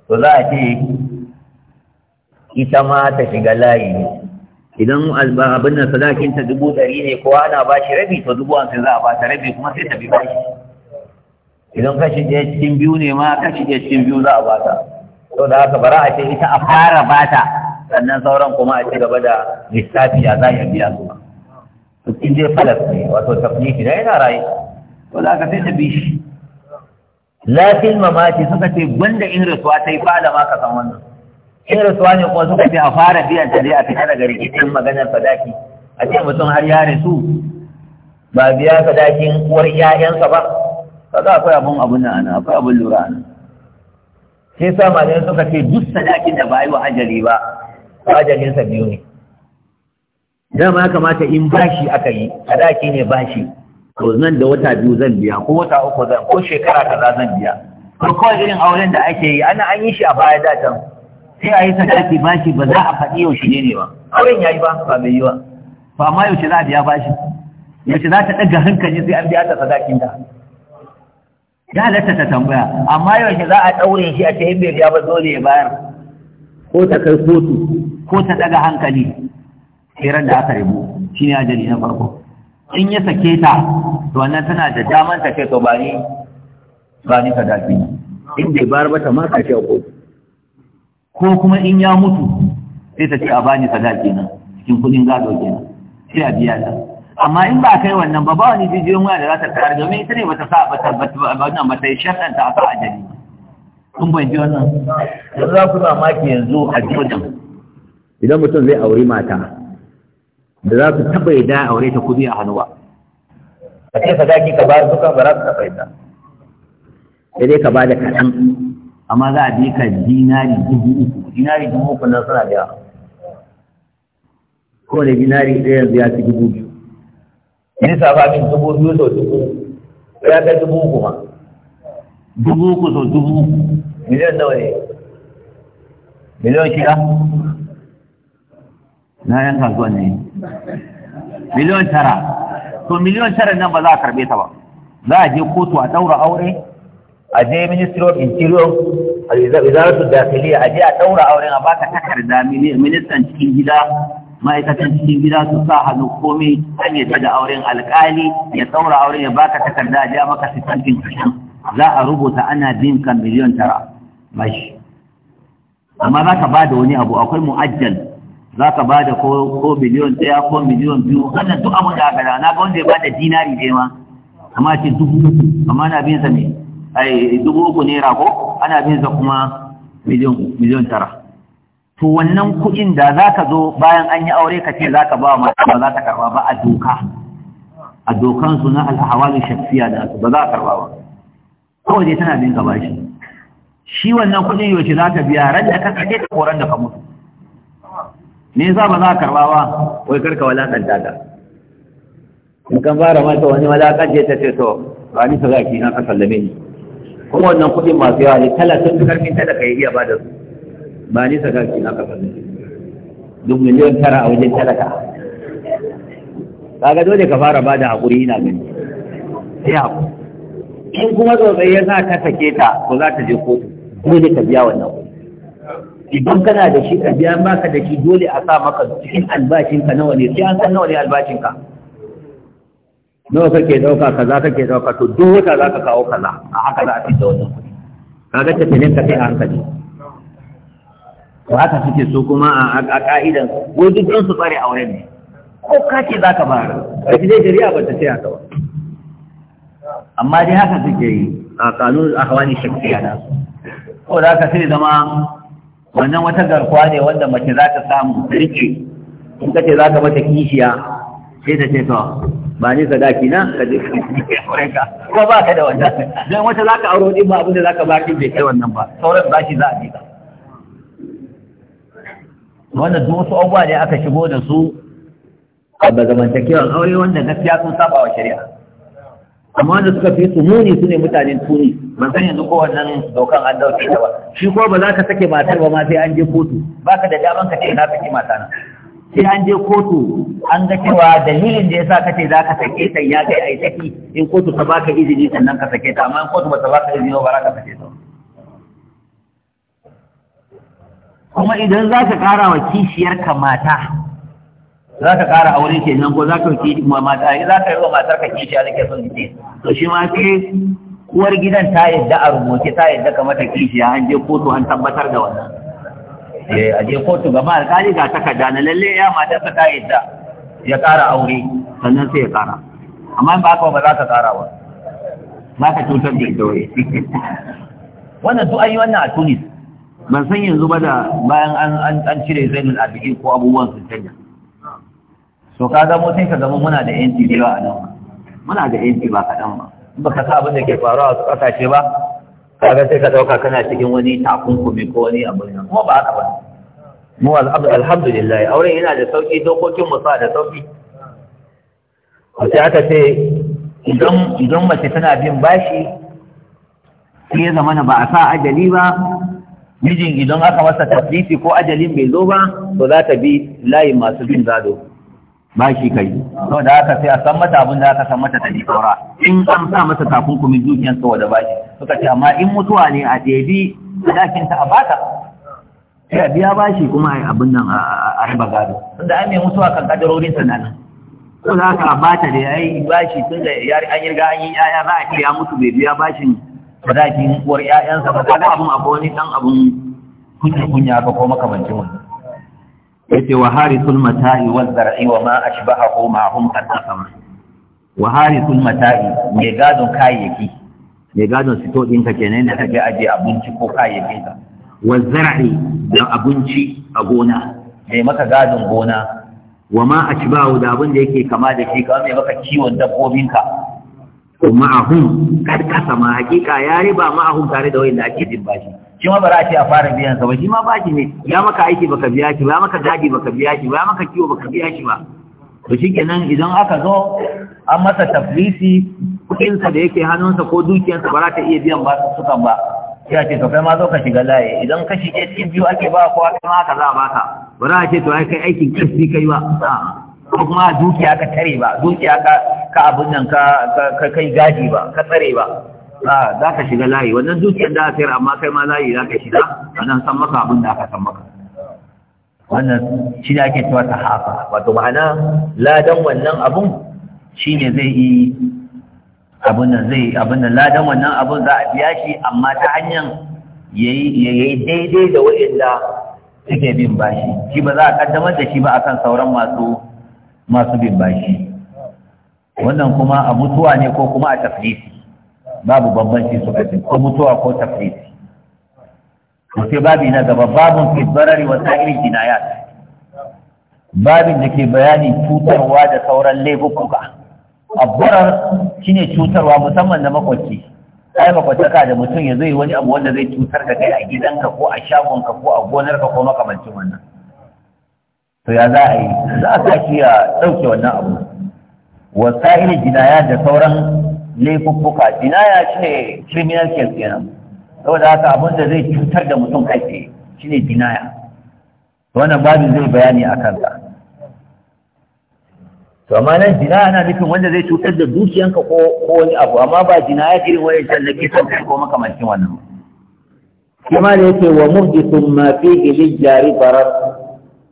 to za a ce ita ma ta shiga layi ne. idan abin nan sadakinta dubu ɗari ne kowa ana ba shi rabi to dubu hamsin za a ba ta rabi kuma sai ta bi bashi idan kashi ɗaya cikin biyu ne ma kashi ɗaya cikin biyu za a ba ta to da haka bara a ce ita a fara bata sannan sauran kuma a ci gaba da lissafi a za a biya su to kin je falas ne wato tafniki da yana rayu to da haka sai ta bi shi lafil suka ce gwanda in rasuwa ta yi fada ma ka san wannan in rasuwa ne kuma suka ce a fara biyan ta dai a fita daga rikicin maganar sadaki a ce mutum har ya rasu ba biya sadakin uwar 'ya'yansa ba a akwai abun abun nan akwai abun lura nan sai sa malamai suka ce duk sadakin da ba yi wa ajali ba sa biyu ne dama ya kamata in bashi aka yi sadaki ne bashi to nan da wata biyu zan biya ko wata uku zan ko shekara kaza zan biya ko kawai irin auren da ake yi ana an yi shi a baya da can sai a yi sadaki bashi ba za a faɗi yaushe ne ne ba auren ya yi ba ba mai yi ba ba ma yaushe za a biya bashi yaushe za ta ɗaga hankali sai an biya ta sadakin da ya halatta ta tambaya amma yaushe za a ɗaure shi a cikin bai ba dole ya bayar ko ta kai kotu ko ta daga hankali tseren da aka rabu shi ne ajali na farko in ya sake ta to wannan tana da daman ta ce to ba ni ba ni ka dafi in bai bayar ba ta ma ka ce a kotu ko kuma in ya mutu sai ta ce a bani sadaki na cikin kuɗin gado kenan sai a biya ta amma in ba kai wannan ba ba wani jijiyoyin waya da za ta tarar domin ita ne ba ta sa ba ta wannan ba ta yi shaɗanta a sa ajali kun ban ji wannan yanzu za ku ki yanzu a jordan idan mutum zai auri mata da za su taɓa yi daya aure ta kudi a hannu ba a ce sadaki ka ba duka ba za su taba yi da sai dai ka ba da kaɗan amma za a bi ka dinari dubu uku dinari dubu uku nan suna da yawa kowane dinari ɗaya yanzu ya fi dubu biyu yin safa min dubu biyu sau dubu ya kai dubu uku ma dubu uku sau dubu uku miliyan nawa ne miliyan shida na yan kasuwan ne miliyan tara to miliyan tara nan ba za a karbe ta ba za a je kotu a daura aure a je ministry of interior a wizaratu dakiliya a je a daura aure a baka takarda ministan cikin gida ma'aikatan cikin gida su sa hannu komai an yadda da auren alkali ya tsaura auren ya baka takarda ja maka sitankin kashin za a rubuta ana bin ka miliyon tara bashi amma za ka ba da wani abu akwai mu'ajjal za ka ba da ko miliyon ɗaya ko miliyon biyu wannan duk abin da aka da na ga wanda ya ba da dinari je ma amma ce dubu uku amma ana bin sa ne ai dubu uku naira ko ana bin sa kuma miliyon tara to wannan kuɗin da za ka zo bayan an yi aure ka ce za ka ba mata ba za ta karba ba a doka a dokansu na al'ahawalin shafiya da su ba za a karba ba kawai dai tana bin gaba shi shi wannan kuɗin yaushe za ka biya ran da kanka sake ta koran da ka mutu me za ba za a karba ba wai karka walakanta ta in kan fara mata wani je ta ce to ba ni ta za ki na ka sallame ni kuma wannan kuɗin masu yawa ne talatin karfin ta da ka iya ba da su ba ni sadaki na kafa duk miliyan tara a wajen talaka kaga dole ka fara bada hakuri haƙuri ina gani sai haƙuri in kuma tsotsai ya sa ta sake ta ko za ta je kotu dole ka biya wannan kuɗi idan kana da shi ka biya maka da shi dole a sa maka cikin albashin ka nawa ne sai an san nawa ne albashin ka? nawa kake ɗauka kaza kake ɗauka to duk wata za ka kawo kaza a haka za a fi da wannan kuɗi kaga tinin ka sai a hankali to haka suke so kuma a ka'idan ko duk don su tsare auren ne ko kake za ka fara ba shi dai shari'a ba ta ce haka ba amma dai haka suke yi a kanun a hawani shakiya na su ko da ka sai zama wannan wata garkuwa ne wanda mace za ta samu rike in ka ce za ka mata kishiya sai ta ce to ba ni sadaki na ka je ka ko ba ka da wannan dan wata za ka auro din ba abin da za ka ba bai kai wannan ba sauran ba shi za a bi ka wanda duk wasu abubuwa ne aka shigo da su a ga aure wanda gaskiya sun saba wa shari'a amma wanda suka fi su muni su ne mutanen tuni ban san yanzu ko wannan dokan an dauke ta ba shi ko ba za ka sake matar ba ma sai an je kotu baka da daman ka ce na saki mata na sai an je kotu an ga cewa dalilin da yasa kace za ka sake ta ya kai ai saki in kotu ta baka izini sannan ka sake ta amma in kotu ba ta baka izini ba za ka sake ta kuma idan za ka ƙara wa kishiyarka mata za ka ƙara aure ke nan ko za ka yi wa mata za ka yi wa matar ka kishiya da ke son ne to shi ma sai kuwar gidan ta yadda a rubuce ta yadda ka mata kishiya an je kotu an tabbatar da wannan eh a je kotu gaba alƙali ga takarda na lalle ya matar ta yadda ya ƙara aure sannan sai ya ƙara amma in ba ka ba za ka ƙara ba ka cutar da ita wannan duk an yi wannan a Tunis ban san yanzu ba da bayan an cire zainul abidin ko abubuwan sun canja so ka zamo sai ka zama muna da yanci da yawa a nan muna da yanci ba kaɗan ba in ba ka sa abin da ke faruwa su ƙasashe ba ga sai ka ɗauka kana cikin wani takunkumi ko wani abu ne kuma ba haka ba mu alhamdulillah auren yana da sauki dokokin mu sa da sauki sai aka ce idan mace tana bin bashi sai ya zamana ba a sa ajali ba mijin idan aka masa tafifi ko ajalin bai zo ba to za ta bi layi masu bin gado ba shi kai to da aka sai a san mata abin da aka san mata ta saura in an sa masa takunkumin dukiyar saboda ba shi suka ce amma in mutuwa ne a jebi sadakin ta a bata sai biya ba shi kuma ai abin nan a raba gado tunda an mai mutuwa kan kadarorin sa nan to da aka bata da yayi bashi tunda an yi riga an yi yaya za a ce ya mutu bai biya bashin yi uwar ƴaƴansa ba kaga abun akwai wani ɗan abun kunya kunya ka ko makamancin wani ce, wa harisul mata'i wani zara’i wa ma ashbahahu ma hum qad sama. wa sun mata'i mai gadon kayayyaki mai gadon sito ka kenan da kake aje abinci ko kayayyakin ka wa zara’i da abinci a gona mai maka gadon gona wa ma ashbahu da abin da yake kama da shi kamar mai maka kiwon dabbobinka kar kasa ma hakika ya riba ma'ahum tare da wanda ake jin bashi shi ma ba za a ce a fara biyan sa ba shi ma bashi ne ya maka aiki baka biya shi ba ya maka gadi baka biya shi ba ya maka kiwo baka biya shi ba to shikenan idan aka zo an masa taflisi kuɗin sa da yake hannunsa ko dukiyar sa ba za ta iya biyan ba su kan ba sai a ce to kai ma zo ka shiga laye idan ka shige cikin biyu ake ba kowa kai ma haka za a baka ba za a ce to ai kai aikin kirki kai ba a'a ko kuma dukiya ka tare ba dukiya ka ka abin nan ka ka kai gaji ba ka tsare ba a za ka shiga layi wannan dukiyar da aka amma kai ma layi za ka shiga Wannan san maka abin da aka san maka wannan shi ne ake cewa sahafa wato ma'ana ladan wannan abun shi ne zai yi abin nan zai abin nan ladan wannan abun za a biya shi amma ta hanyar yayi daidai da wa'inda suke bin bashi shi ba za a kaddamar da shi ba akan sauran masu masu bin bashi wannan kuma a mutuwa ne ko kuma a taflisi babu bambanci su ce ko mutuwa ko taflisi ko sai babi na gaba babun fitbarari wa sa'irin jinaya babin da ke bayanin cutarwa da sauran laifuka abbarar shine cutarwa musamman da makwabci ai ka da mutum ya zai wani abu wanda zai cutar da kai a gidanka ko a shagonka ko a gonarka ko makamancin wannan to ya za a yi za a saki ya ɗauke wannan abu wasa'il jinaya da sauran laifuffuka jinaya shine criminal case kenan saboda haka abin da zai cutar da mutum kai shi ne jinaya wannan babu zai bayani a kansa to amma nan jinaya na nufin wanda zai cutar da dukiyanka ko ko wani abu amma ba jinaya ya irin wani can da kisan kai ko makamancin wannan kuma da yake wa muhdithun ma fihi lijari barar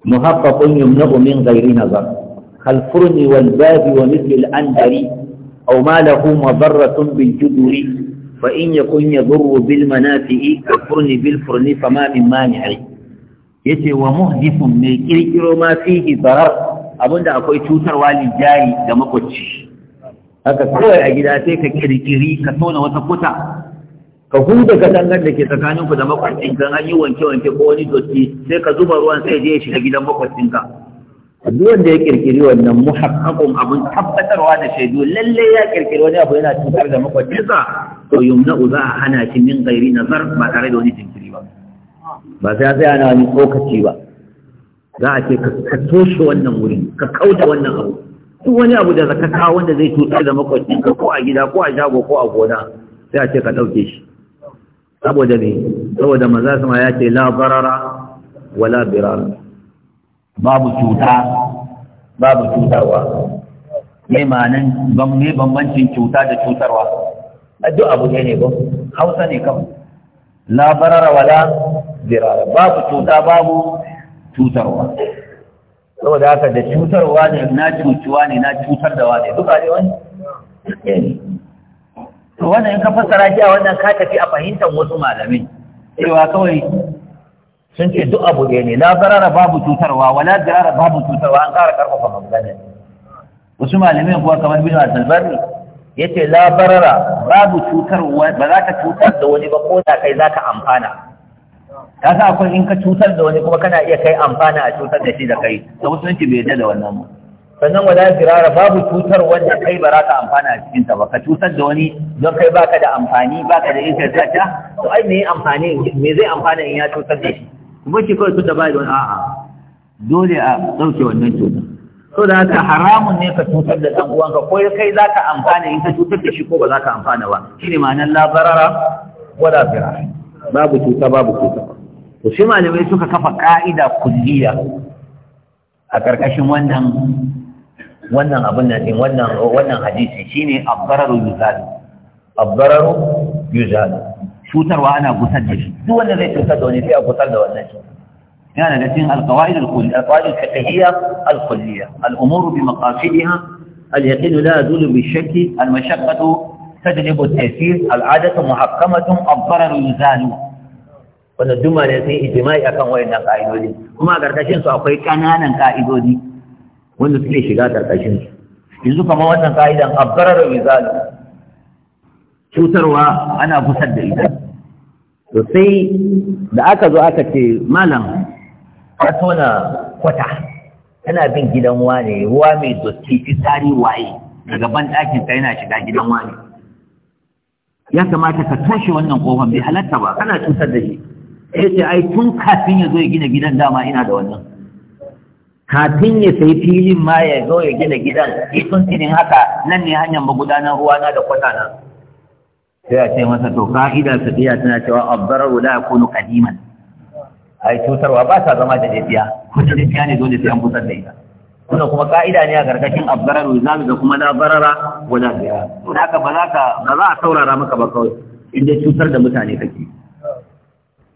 محقق يمنغ من غير نظر كالفرن والباب ومثل الأندر أو ما له مضرة بالجدر فإن يكون يضر بالمنافئ كالفرن بالفرن فما من مانع يتي ومهدف من كركر ما فيه ضرر أبن دا أكوي توتر والي جاي دمكوتش هكذا كوي أجداتيك كركري كتون وتكوتا ka huda katangar da ke tsakaninku da makwacin kan an yi wanke-wanke ko wani dotti sai ka zuba ruwan sai je ya shiga gidan makwacin ka duk wanda ya kirkiri wannan muhakkakun abun tabbatarwa da shaidu lalle ya kirkiri wani abu yana cutar da sa to yumna za a hana shi min gairi nazar ba tare da wani jinkiri ba ba sai sai ana wani tsokaci ba za a ce ka toshe wannan wurin ka kauda wannan abu duk wani abu da zaka kawo wanda zai cutar da ka ko a gida ko a shago ko a gona sai a ce ka ɗauke shi saboda me saboda maza sama ya ce la barara wala birara babu cuta babu cutarwa me ma'anin me bambancin cuta da cutarwa duk abu ne ne ba hausa ne kawai la barara wala birara babu cuta babu cutarwa saboda haka da cutarwa ne na cutuwa ne na cutar da wane duka ne wani to wannan in ka fassara shi a wannan ka tafi a fahimtar wasu malamai cewa kawai sun ce duk abu ɗaya ne la zarara babu cutarwa wala zarara babu cutarwa an ƙara ƙarfafa maganar wasu malamai kuwa kamar bin al ya ce la zarara babu cutarwa ba za ka cutar da wani ba ko da kai za ka amfana ka sa akwai in ka cutar da wani kuma kana iya kai amfana a cutar da shi da kai da ce bai yadda da wannan mu sannan wala dirara babu cutar wanda kai ba za ka amfana a cikinta ba ka cutar da wani don kai baka da amfani baka da iskar tata ah, to ai me amfani me zai amfana in ya cutar da shi kuma shi kawai cutar ba don wani a'a dole a dauke wannan cutar to da haka haramun ne ka cutar da ɗan uwanka ko kai za ka amfana in ka cutar da shi ko ba za ka amfana ba shine ma'anar la barara wala dirara babu cuta babu cuta to shi malamai suka kafa ka'ida kulliya a ƙarƙashin wannan wannan abin nan din wannan wannan hadisi shine abdararu yuzalu abdararu yuzalu cutarwa ana gusar da shi duk wanda zai cutar da wani sai a gusar da wannan shi yana da cikin alqawaid alqul alqawaid alfiqhiyya alkulliyya al'umuru bi maqasidiha al-yaqin la yadullu bi shakki al-mashaqqatu tajlibu at-tasir al-'adatu muhakkamatun abdararu yuzalu wanda duma ne sai ijma'i akan wayannan ka'idodi kuma a karkashin su akwai kananan ka'idodi wanda suke shiga karkashin su yanzu kamar wannan ka'idan abbarar wizalu cutarwa ana kusar da ita to sai da aka zo aka ce malam ka tona kwata tana bin gidan wane ruwa mai dotti fitari waye daga ban ɗakin ta yana shiga gidan wane ya kamata ka toshe wannan kofan, bai halatta ba kana cutar da shi sai ce ai tun kafin ya zo ya gina gidan dama ina da wannan kafin ya sayi filin ma ya zo ya gina gidan ikon tinin haka nan ne hanyar magudanar na da kwatana sai a ce masa to ka'ida fiqhiya tana cewa ya la kadiman a yi cutarwa ba sa zama da jefiya kuma jefiya ne dole sai an busar da ita wannan kuma ka'ida ne a gargashin abbarar wula da kuma na barara wula da to haka ba za ka ba za a saurara maka ba kawai inda cutar da mutane kake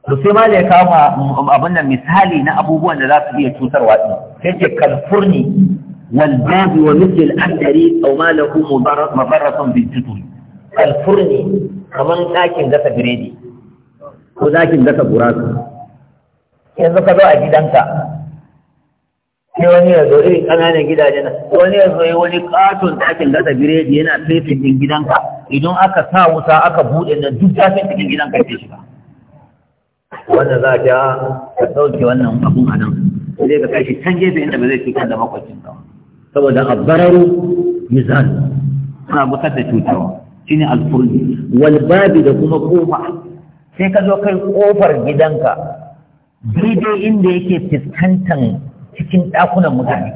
to sai ma ya kama mm, abin nan misali na abubuwan da za su iya cutarwa ɗin sai ke kalfurni wal babu wa mithl al andari aw ma lahu mudarratun bi tuturi kalfurni kaman dakin gasa biredi ko dakin gasa gurasa yanzu ka zo a gidanka sai wani ya zo irin eh, ƙananan gidajen wani ya zo wani katon dakin gasa biredi yana fefin din gidanka idan aka sa wuta aka buɗe na duk dafin cikin gidanka ke shiga wanda za ta ka ɗauke wannan abun a nan sai ka kashi can gefe inda ba zai cutar da makwacin ka saboda a bararu mizan suna gusar da cutarwa shine alfurji wal babi da kuma kofa sai ka zo kai kofar gidanka daidai inda yake fuskantan cikin ɗakunan mutane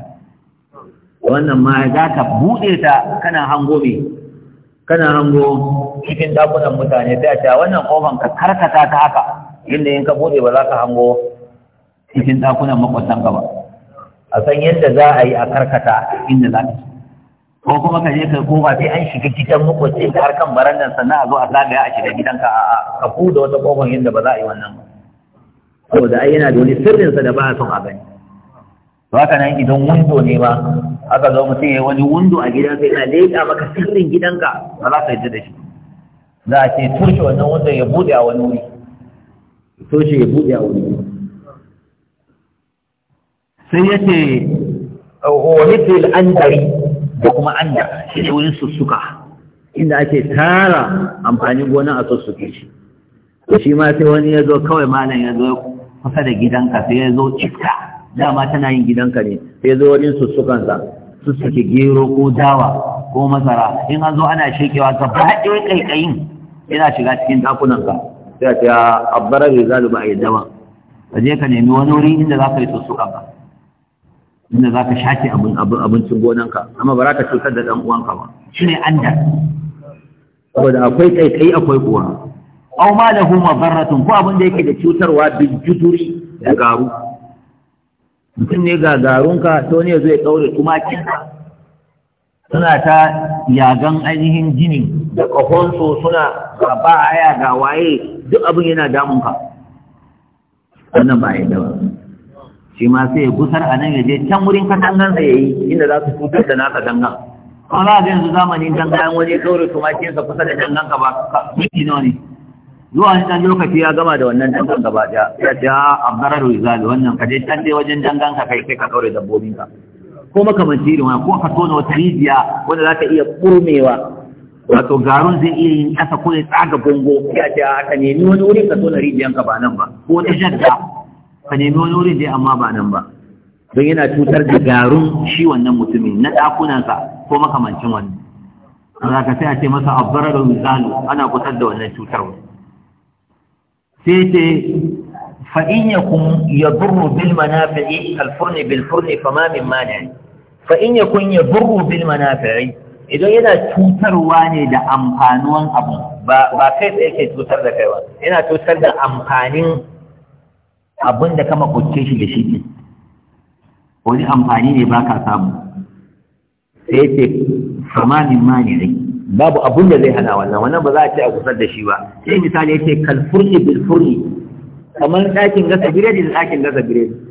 wannan ma za ka buɗe ta kana hango mai kana hango cikin ɗakunan mutane sai a ce wannan kofan ka karkata ta haka inda in ka bude ba za ka hango cikin dakunan makwatan ka ba a san yadda za a yi a karkata inda za ka ko kuma ka je ka koma sai an shiga gidan makwacin har kan barandan sannan a zo a zagaya a shiga gidan ka? a ka buɗe wata kofar yadda ba za a yi wannan ba saboda ai yana da wani sirrin sa da ba a son a gani to haka nan idan wundo ne ba aka zo mutum ya wani wundo a gidan sai na leƙa maka sirrin gidanka ba za ka yi da shi za a ce tushe wannan wundon ya bude a wani wuri toshe ya buɗe a wuri sai ya ce wani an dari da kuma an da shi ne wurin sussuka inda ake tara amfanin gona a sussuke shi to shi ma sai wani ya zo kawai malam ya zo kusa da gidanka sai ya zo iska dama tana yin gidanka ne sai ya zo wani sussukansa sussuke gero ko dawa ko masara in an zo ana shekewa gaba ɗaya ƙaiƙayin yana shiga cikin ɗakunanka sai ta ah, abbara bai zalu ba a yi ba ka je ka nemi wani wuri inda za ka yi sussuka ba inda za ka shafe abincin gonanka amma ba za ka cutar da ɗan uwanka ba shi ne an da saboda akwai kai akwai kuwa au ma Huma barratun ko abin da yake da cutarwa bil juduri da garu mutum ne ga garunka to ne zai kaure tumakinka suna ta yagan ainihin jini da ƙahonsu suna ga baya ga waye duk abin yana damun ka wannan ba yadda ba shi ma sai ya gusar a nan ya je can wurin sa ya yi inda za su cutar da naka dangan kuma za ga yanzu zamanin dangan wani kauri tumakinsa kusa da dangan ka ba miki nawa ne zuwa wani dan lokaci ya gama da wannan dangan gaba ɗaya ya ce a ah, abdarar rizali wannan ka je can dai wajen dangan ka kai sai ka dabbobin ka ko makamanci irin wani ko ka tona wata rijiya wanda za ta iya kurmewa wato garun zai iya yin ƙasa ko ya tsaga gongo ya ce ka nemi wani wurin ka tona rijiyan ka ba nan ba ko wata shadda ka nemi wani wurin dai amma ba nan ba don yana cutar da garun shi wannan mutumin na ɗakunansa ko makamancin wannan za ka sai a ce masa abbarar misali ana kusar da wannan cutarwa sai ce fa'in yakun ya duru bil manafi'i kalfurni bil furni fama min mani fa in yakun yadurru bil manafi'i idan yana cutarwa ne da amfanuwan abu ba ba kai tsaye ke cutar da kai ba yana cutar da amfanin abin da kama kuce shi da shi ne wani amfani ne ba ka samu sai ce fama min mani ne babu abin da zai hana wannan wannan ba za a ce a kusar da shi ba sai misali ya ce bil bilfurni kamar ɗakin gasa biredi da ɗakin gasa biredi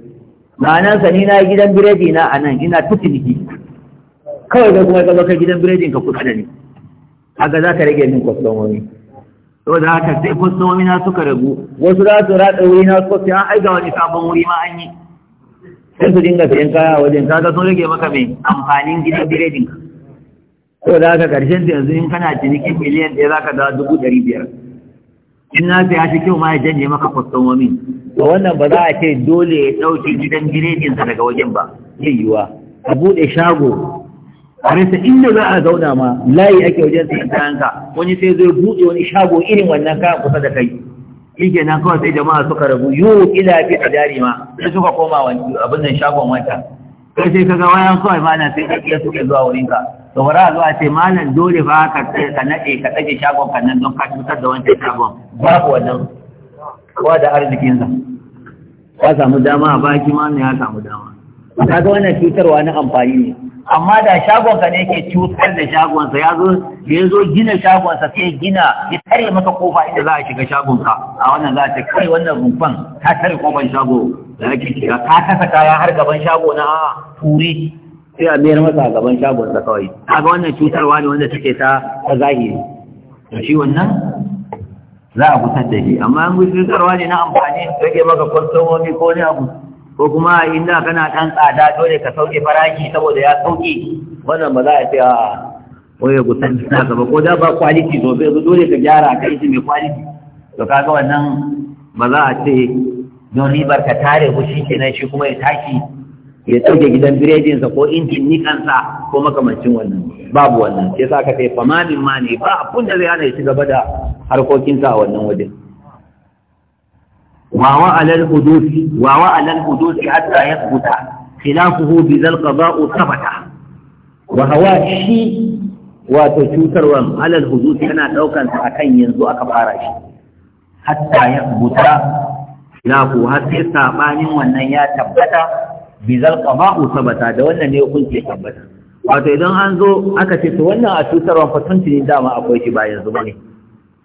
ma'anansa ni na gidan biredi na a nan ina ta ciniki kawai da kuma gaba kai gidan biredin ka kusa da ni haka za ka rage min kwastomomi to da haka sai kwastomomi na suka ragu wasu za su ratsa wuri na kwastomomi an ah, aika wani sabon wuri ma an yi sai su dinga sayan kaya wajen kaga sun rage maka mai amfanin gidan biredin ka to da haka karshen yanzu in kana ciniki miliyan ɗaya za ka dawo dubu ɗari biyar in na sai ya fi kyau ma ya janye maka wani to wannan ba za a ce dole ya ɗauke gidan girejinsa daga wajen ba zai yiwa a buɗe shago a rasa inda za a zauna ma layi ake wajen sayan kayanka wani sai zai buɗe wani shago irin wannan kayan kusa da kai shi kenan kawai sai jama'a suka rabu yiwu ila fi a ma sai suka koma abin nan shagon wata kai sai ga wayan kawai ma na sai iya suke zuwa wurin ka. to wara a zo a ce malam dole ba ka ka nade ka tsage shagon kan nan don ka cutar da wancan shagon babu wannan kowa da arzikinsa ya samu dama a baki ma ya samu dama ka ga wannan cutarwa na amfani ne amma da shagon ka ne yake cutar da shagonsa ya zo ya zo gina shagonsa sai gina ya tare maka kofa inda za a shiga ka. a wannan za ta kai wannan rumfan ta tare kofan shago da ake shiga ka kasa kaya har gaban shago na turi sai a biyar masa a gaban shagon da kawai ga wannan cutarwa ne wanda take ta ta zahiri to shi wannan za a kusa da shi amma an gushi cutarwa ne na amfani rage maka kwastomomi ko ne abu ko kuma inda kana ɗan tsada dole ka sauke farashi saboda ya sauke wannan ba za a ce a waye gusan na gaba ko da ba kwaliti to sai dole ka gyara ka yi mai kwaliti to kaga wannan ba za a ce don ribar ka tare ku shi kenan shi kuma ya tashi ya ɗauke gidan birejinsa ko injin nikansa ko makamancin wannan babu wannan sai sa ka kai famamin ma ne ba abun da zai hana ya ci gaba da harkokinsa a wannan wajen wawa alal hudusi wawa alal hudusi hatta ya khilafuhu bi zal qada'u thabata wa hawa shi wato cutarwan alal hudusi yana daukan sa akan yanzu aka fara shi hatta ya khilafu hatta sabanin wannan ya tabbata bizal qada'u sabata da wannan ne hukunci tabbata wato idan an zo aka ce to wannan a cutarwa fatanti ne dama akwai shi ba yanzu bane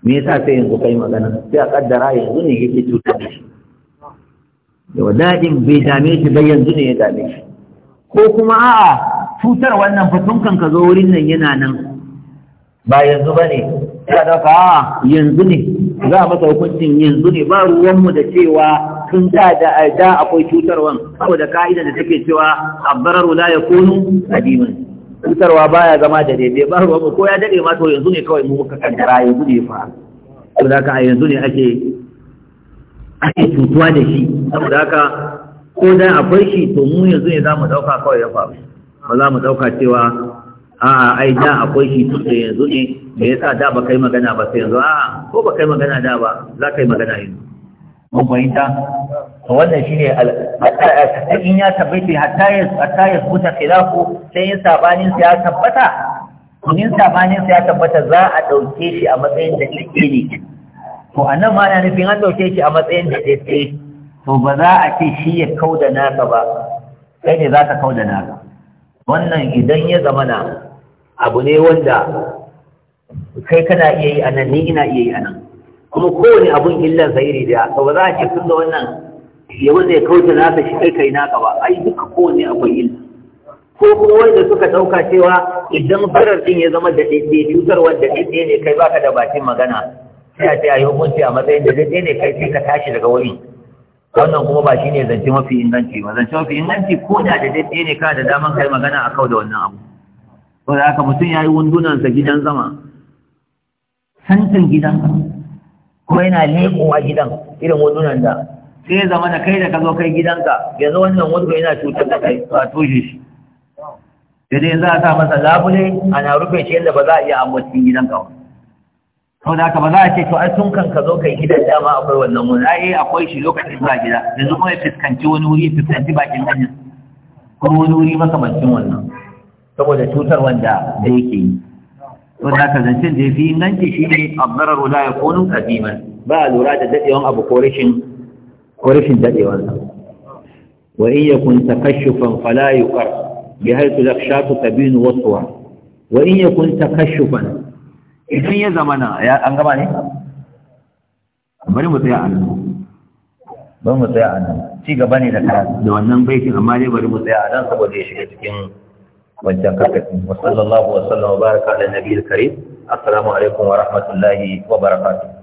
me yasa sai yanzu kai magana sai a kaddara yanzu ne yake cutar da shi da wadadin bai dame shi ba yanzu ne ya dame shi ko kuma a'a cutar wannan fatunkan ka zo wurin nan yana nan ba yanzu bane sai a dauka a'a yanzu ne za a masa hukuncin yanzu ne ba ruwanmu da cewa tun da da da akwai cutarwan saboda ka'ida da take cewa abbararu la yakunu adiman cutarwa baya zama da daidai ba ruwa ko ya dade ma to yanzu ne kawai mu muka kaddara yanzu ne fa saboda ka yanzu ne ake ake cutuwa da shi saboda ka ko dan akwai shi to mu yanzu ne za mu dauka kawai ya fa. ba za mu dauka cewa a'a ai da akwai shi tun da yanzu ne me yasa da ba kai magana ba sai yanzu a'a ko ba kai magana da ba za kai magana yanzu mun ta, to wannan shine in ya tabbata hatta ya hatta ya buta khilafu sai in sabanin sa ya tabbata in sabanin sa ya tabbata za a dauke shi a matsayin da yake ne to annan ma na nufin an dauke shi a matsayin da yake to ba za a ce shi ya kauda naka ba sai ne za ka kauda naka wannan idan ya zamana abu ne wanda kai kana iya yi anan ni ina iya yi anan kuma kowane abun illan sa iri daya to ba za a ce tun da wannan yabo zai kauce na ta shi kai kai naka ba ai duka kowane akwai illa ko kuma wanda suka dauka cewa idan farar din ya zama da daidai cutar wanda daidai ne kai baka da bakin magana sai a ce a yi hukunci a matsayin da daidai ne kai sai ka tashi daga wurin wannan kuma ba shine zance mafi inganci ba zance mafi inganci ko da da daidai ne ka da daman kai magana a kau da wannan abu ko da haka mutum ya yi wundunansa gidan zama santin gidan zama kuma yana leƙowa gidan irin wadunan da sai zama da kai da ka zo kai gidanka yanzu wannan wani yana cutar da kai a tushe shi sai dai za a sa masa labule ana rufe shi yadda ba za a iya amma cikin gidanka ba sau da haka ba za a ce to ai sun kan ka zo kai gidan dama akwai wannan wani yi akwai shi lokacin zuwa gida yanzu kuma ya fuskanci wani wuri ya fuskanci bakin hanya kuma wani wuri makamancin wannan saboda cutar wanda da yake yi wanda ka zancen da ya fi inganci shi ne abdarar la ya kunu kadiman ba a lura da dadewan abu ko rashin ko rashin dadewan sa wa in yakun takashufan fala yuqar bi haythu lakshatu tabinu wasuwa. wa in yakun takashufan idan ya zamana ya an gaba ne bari mu tsaya a nan bari mu tsaya a nan ci gaba ne da karatu da wannan baitin amma dai bari mu tsaya a nan saboda ya shiga cikin wancan kakafin wasallallahu wasallam wa baraka da nabiyil karim assalamu alaikum wa rahmatullahi wa barakatuh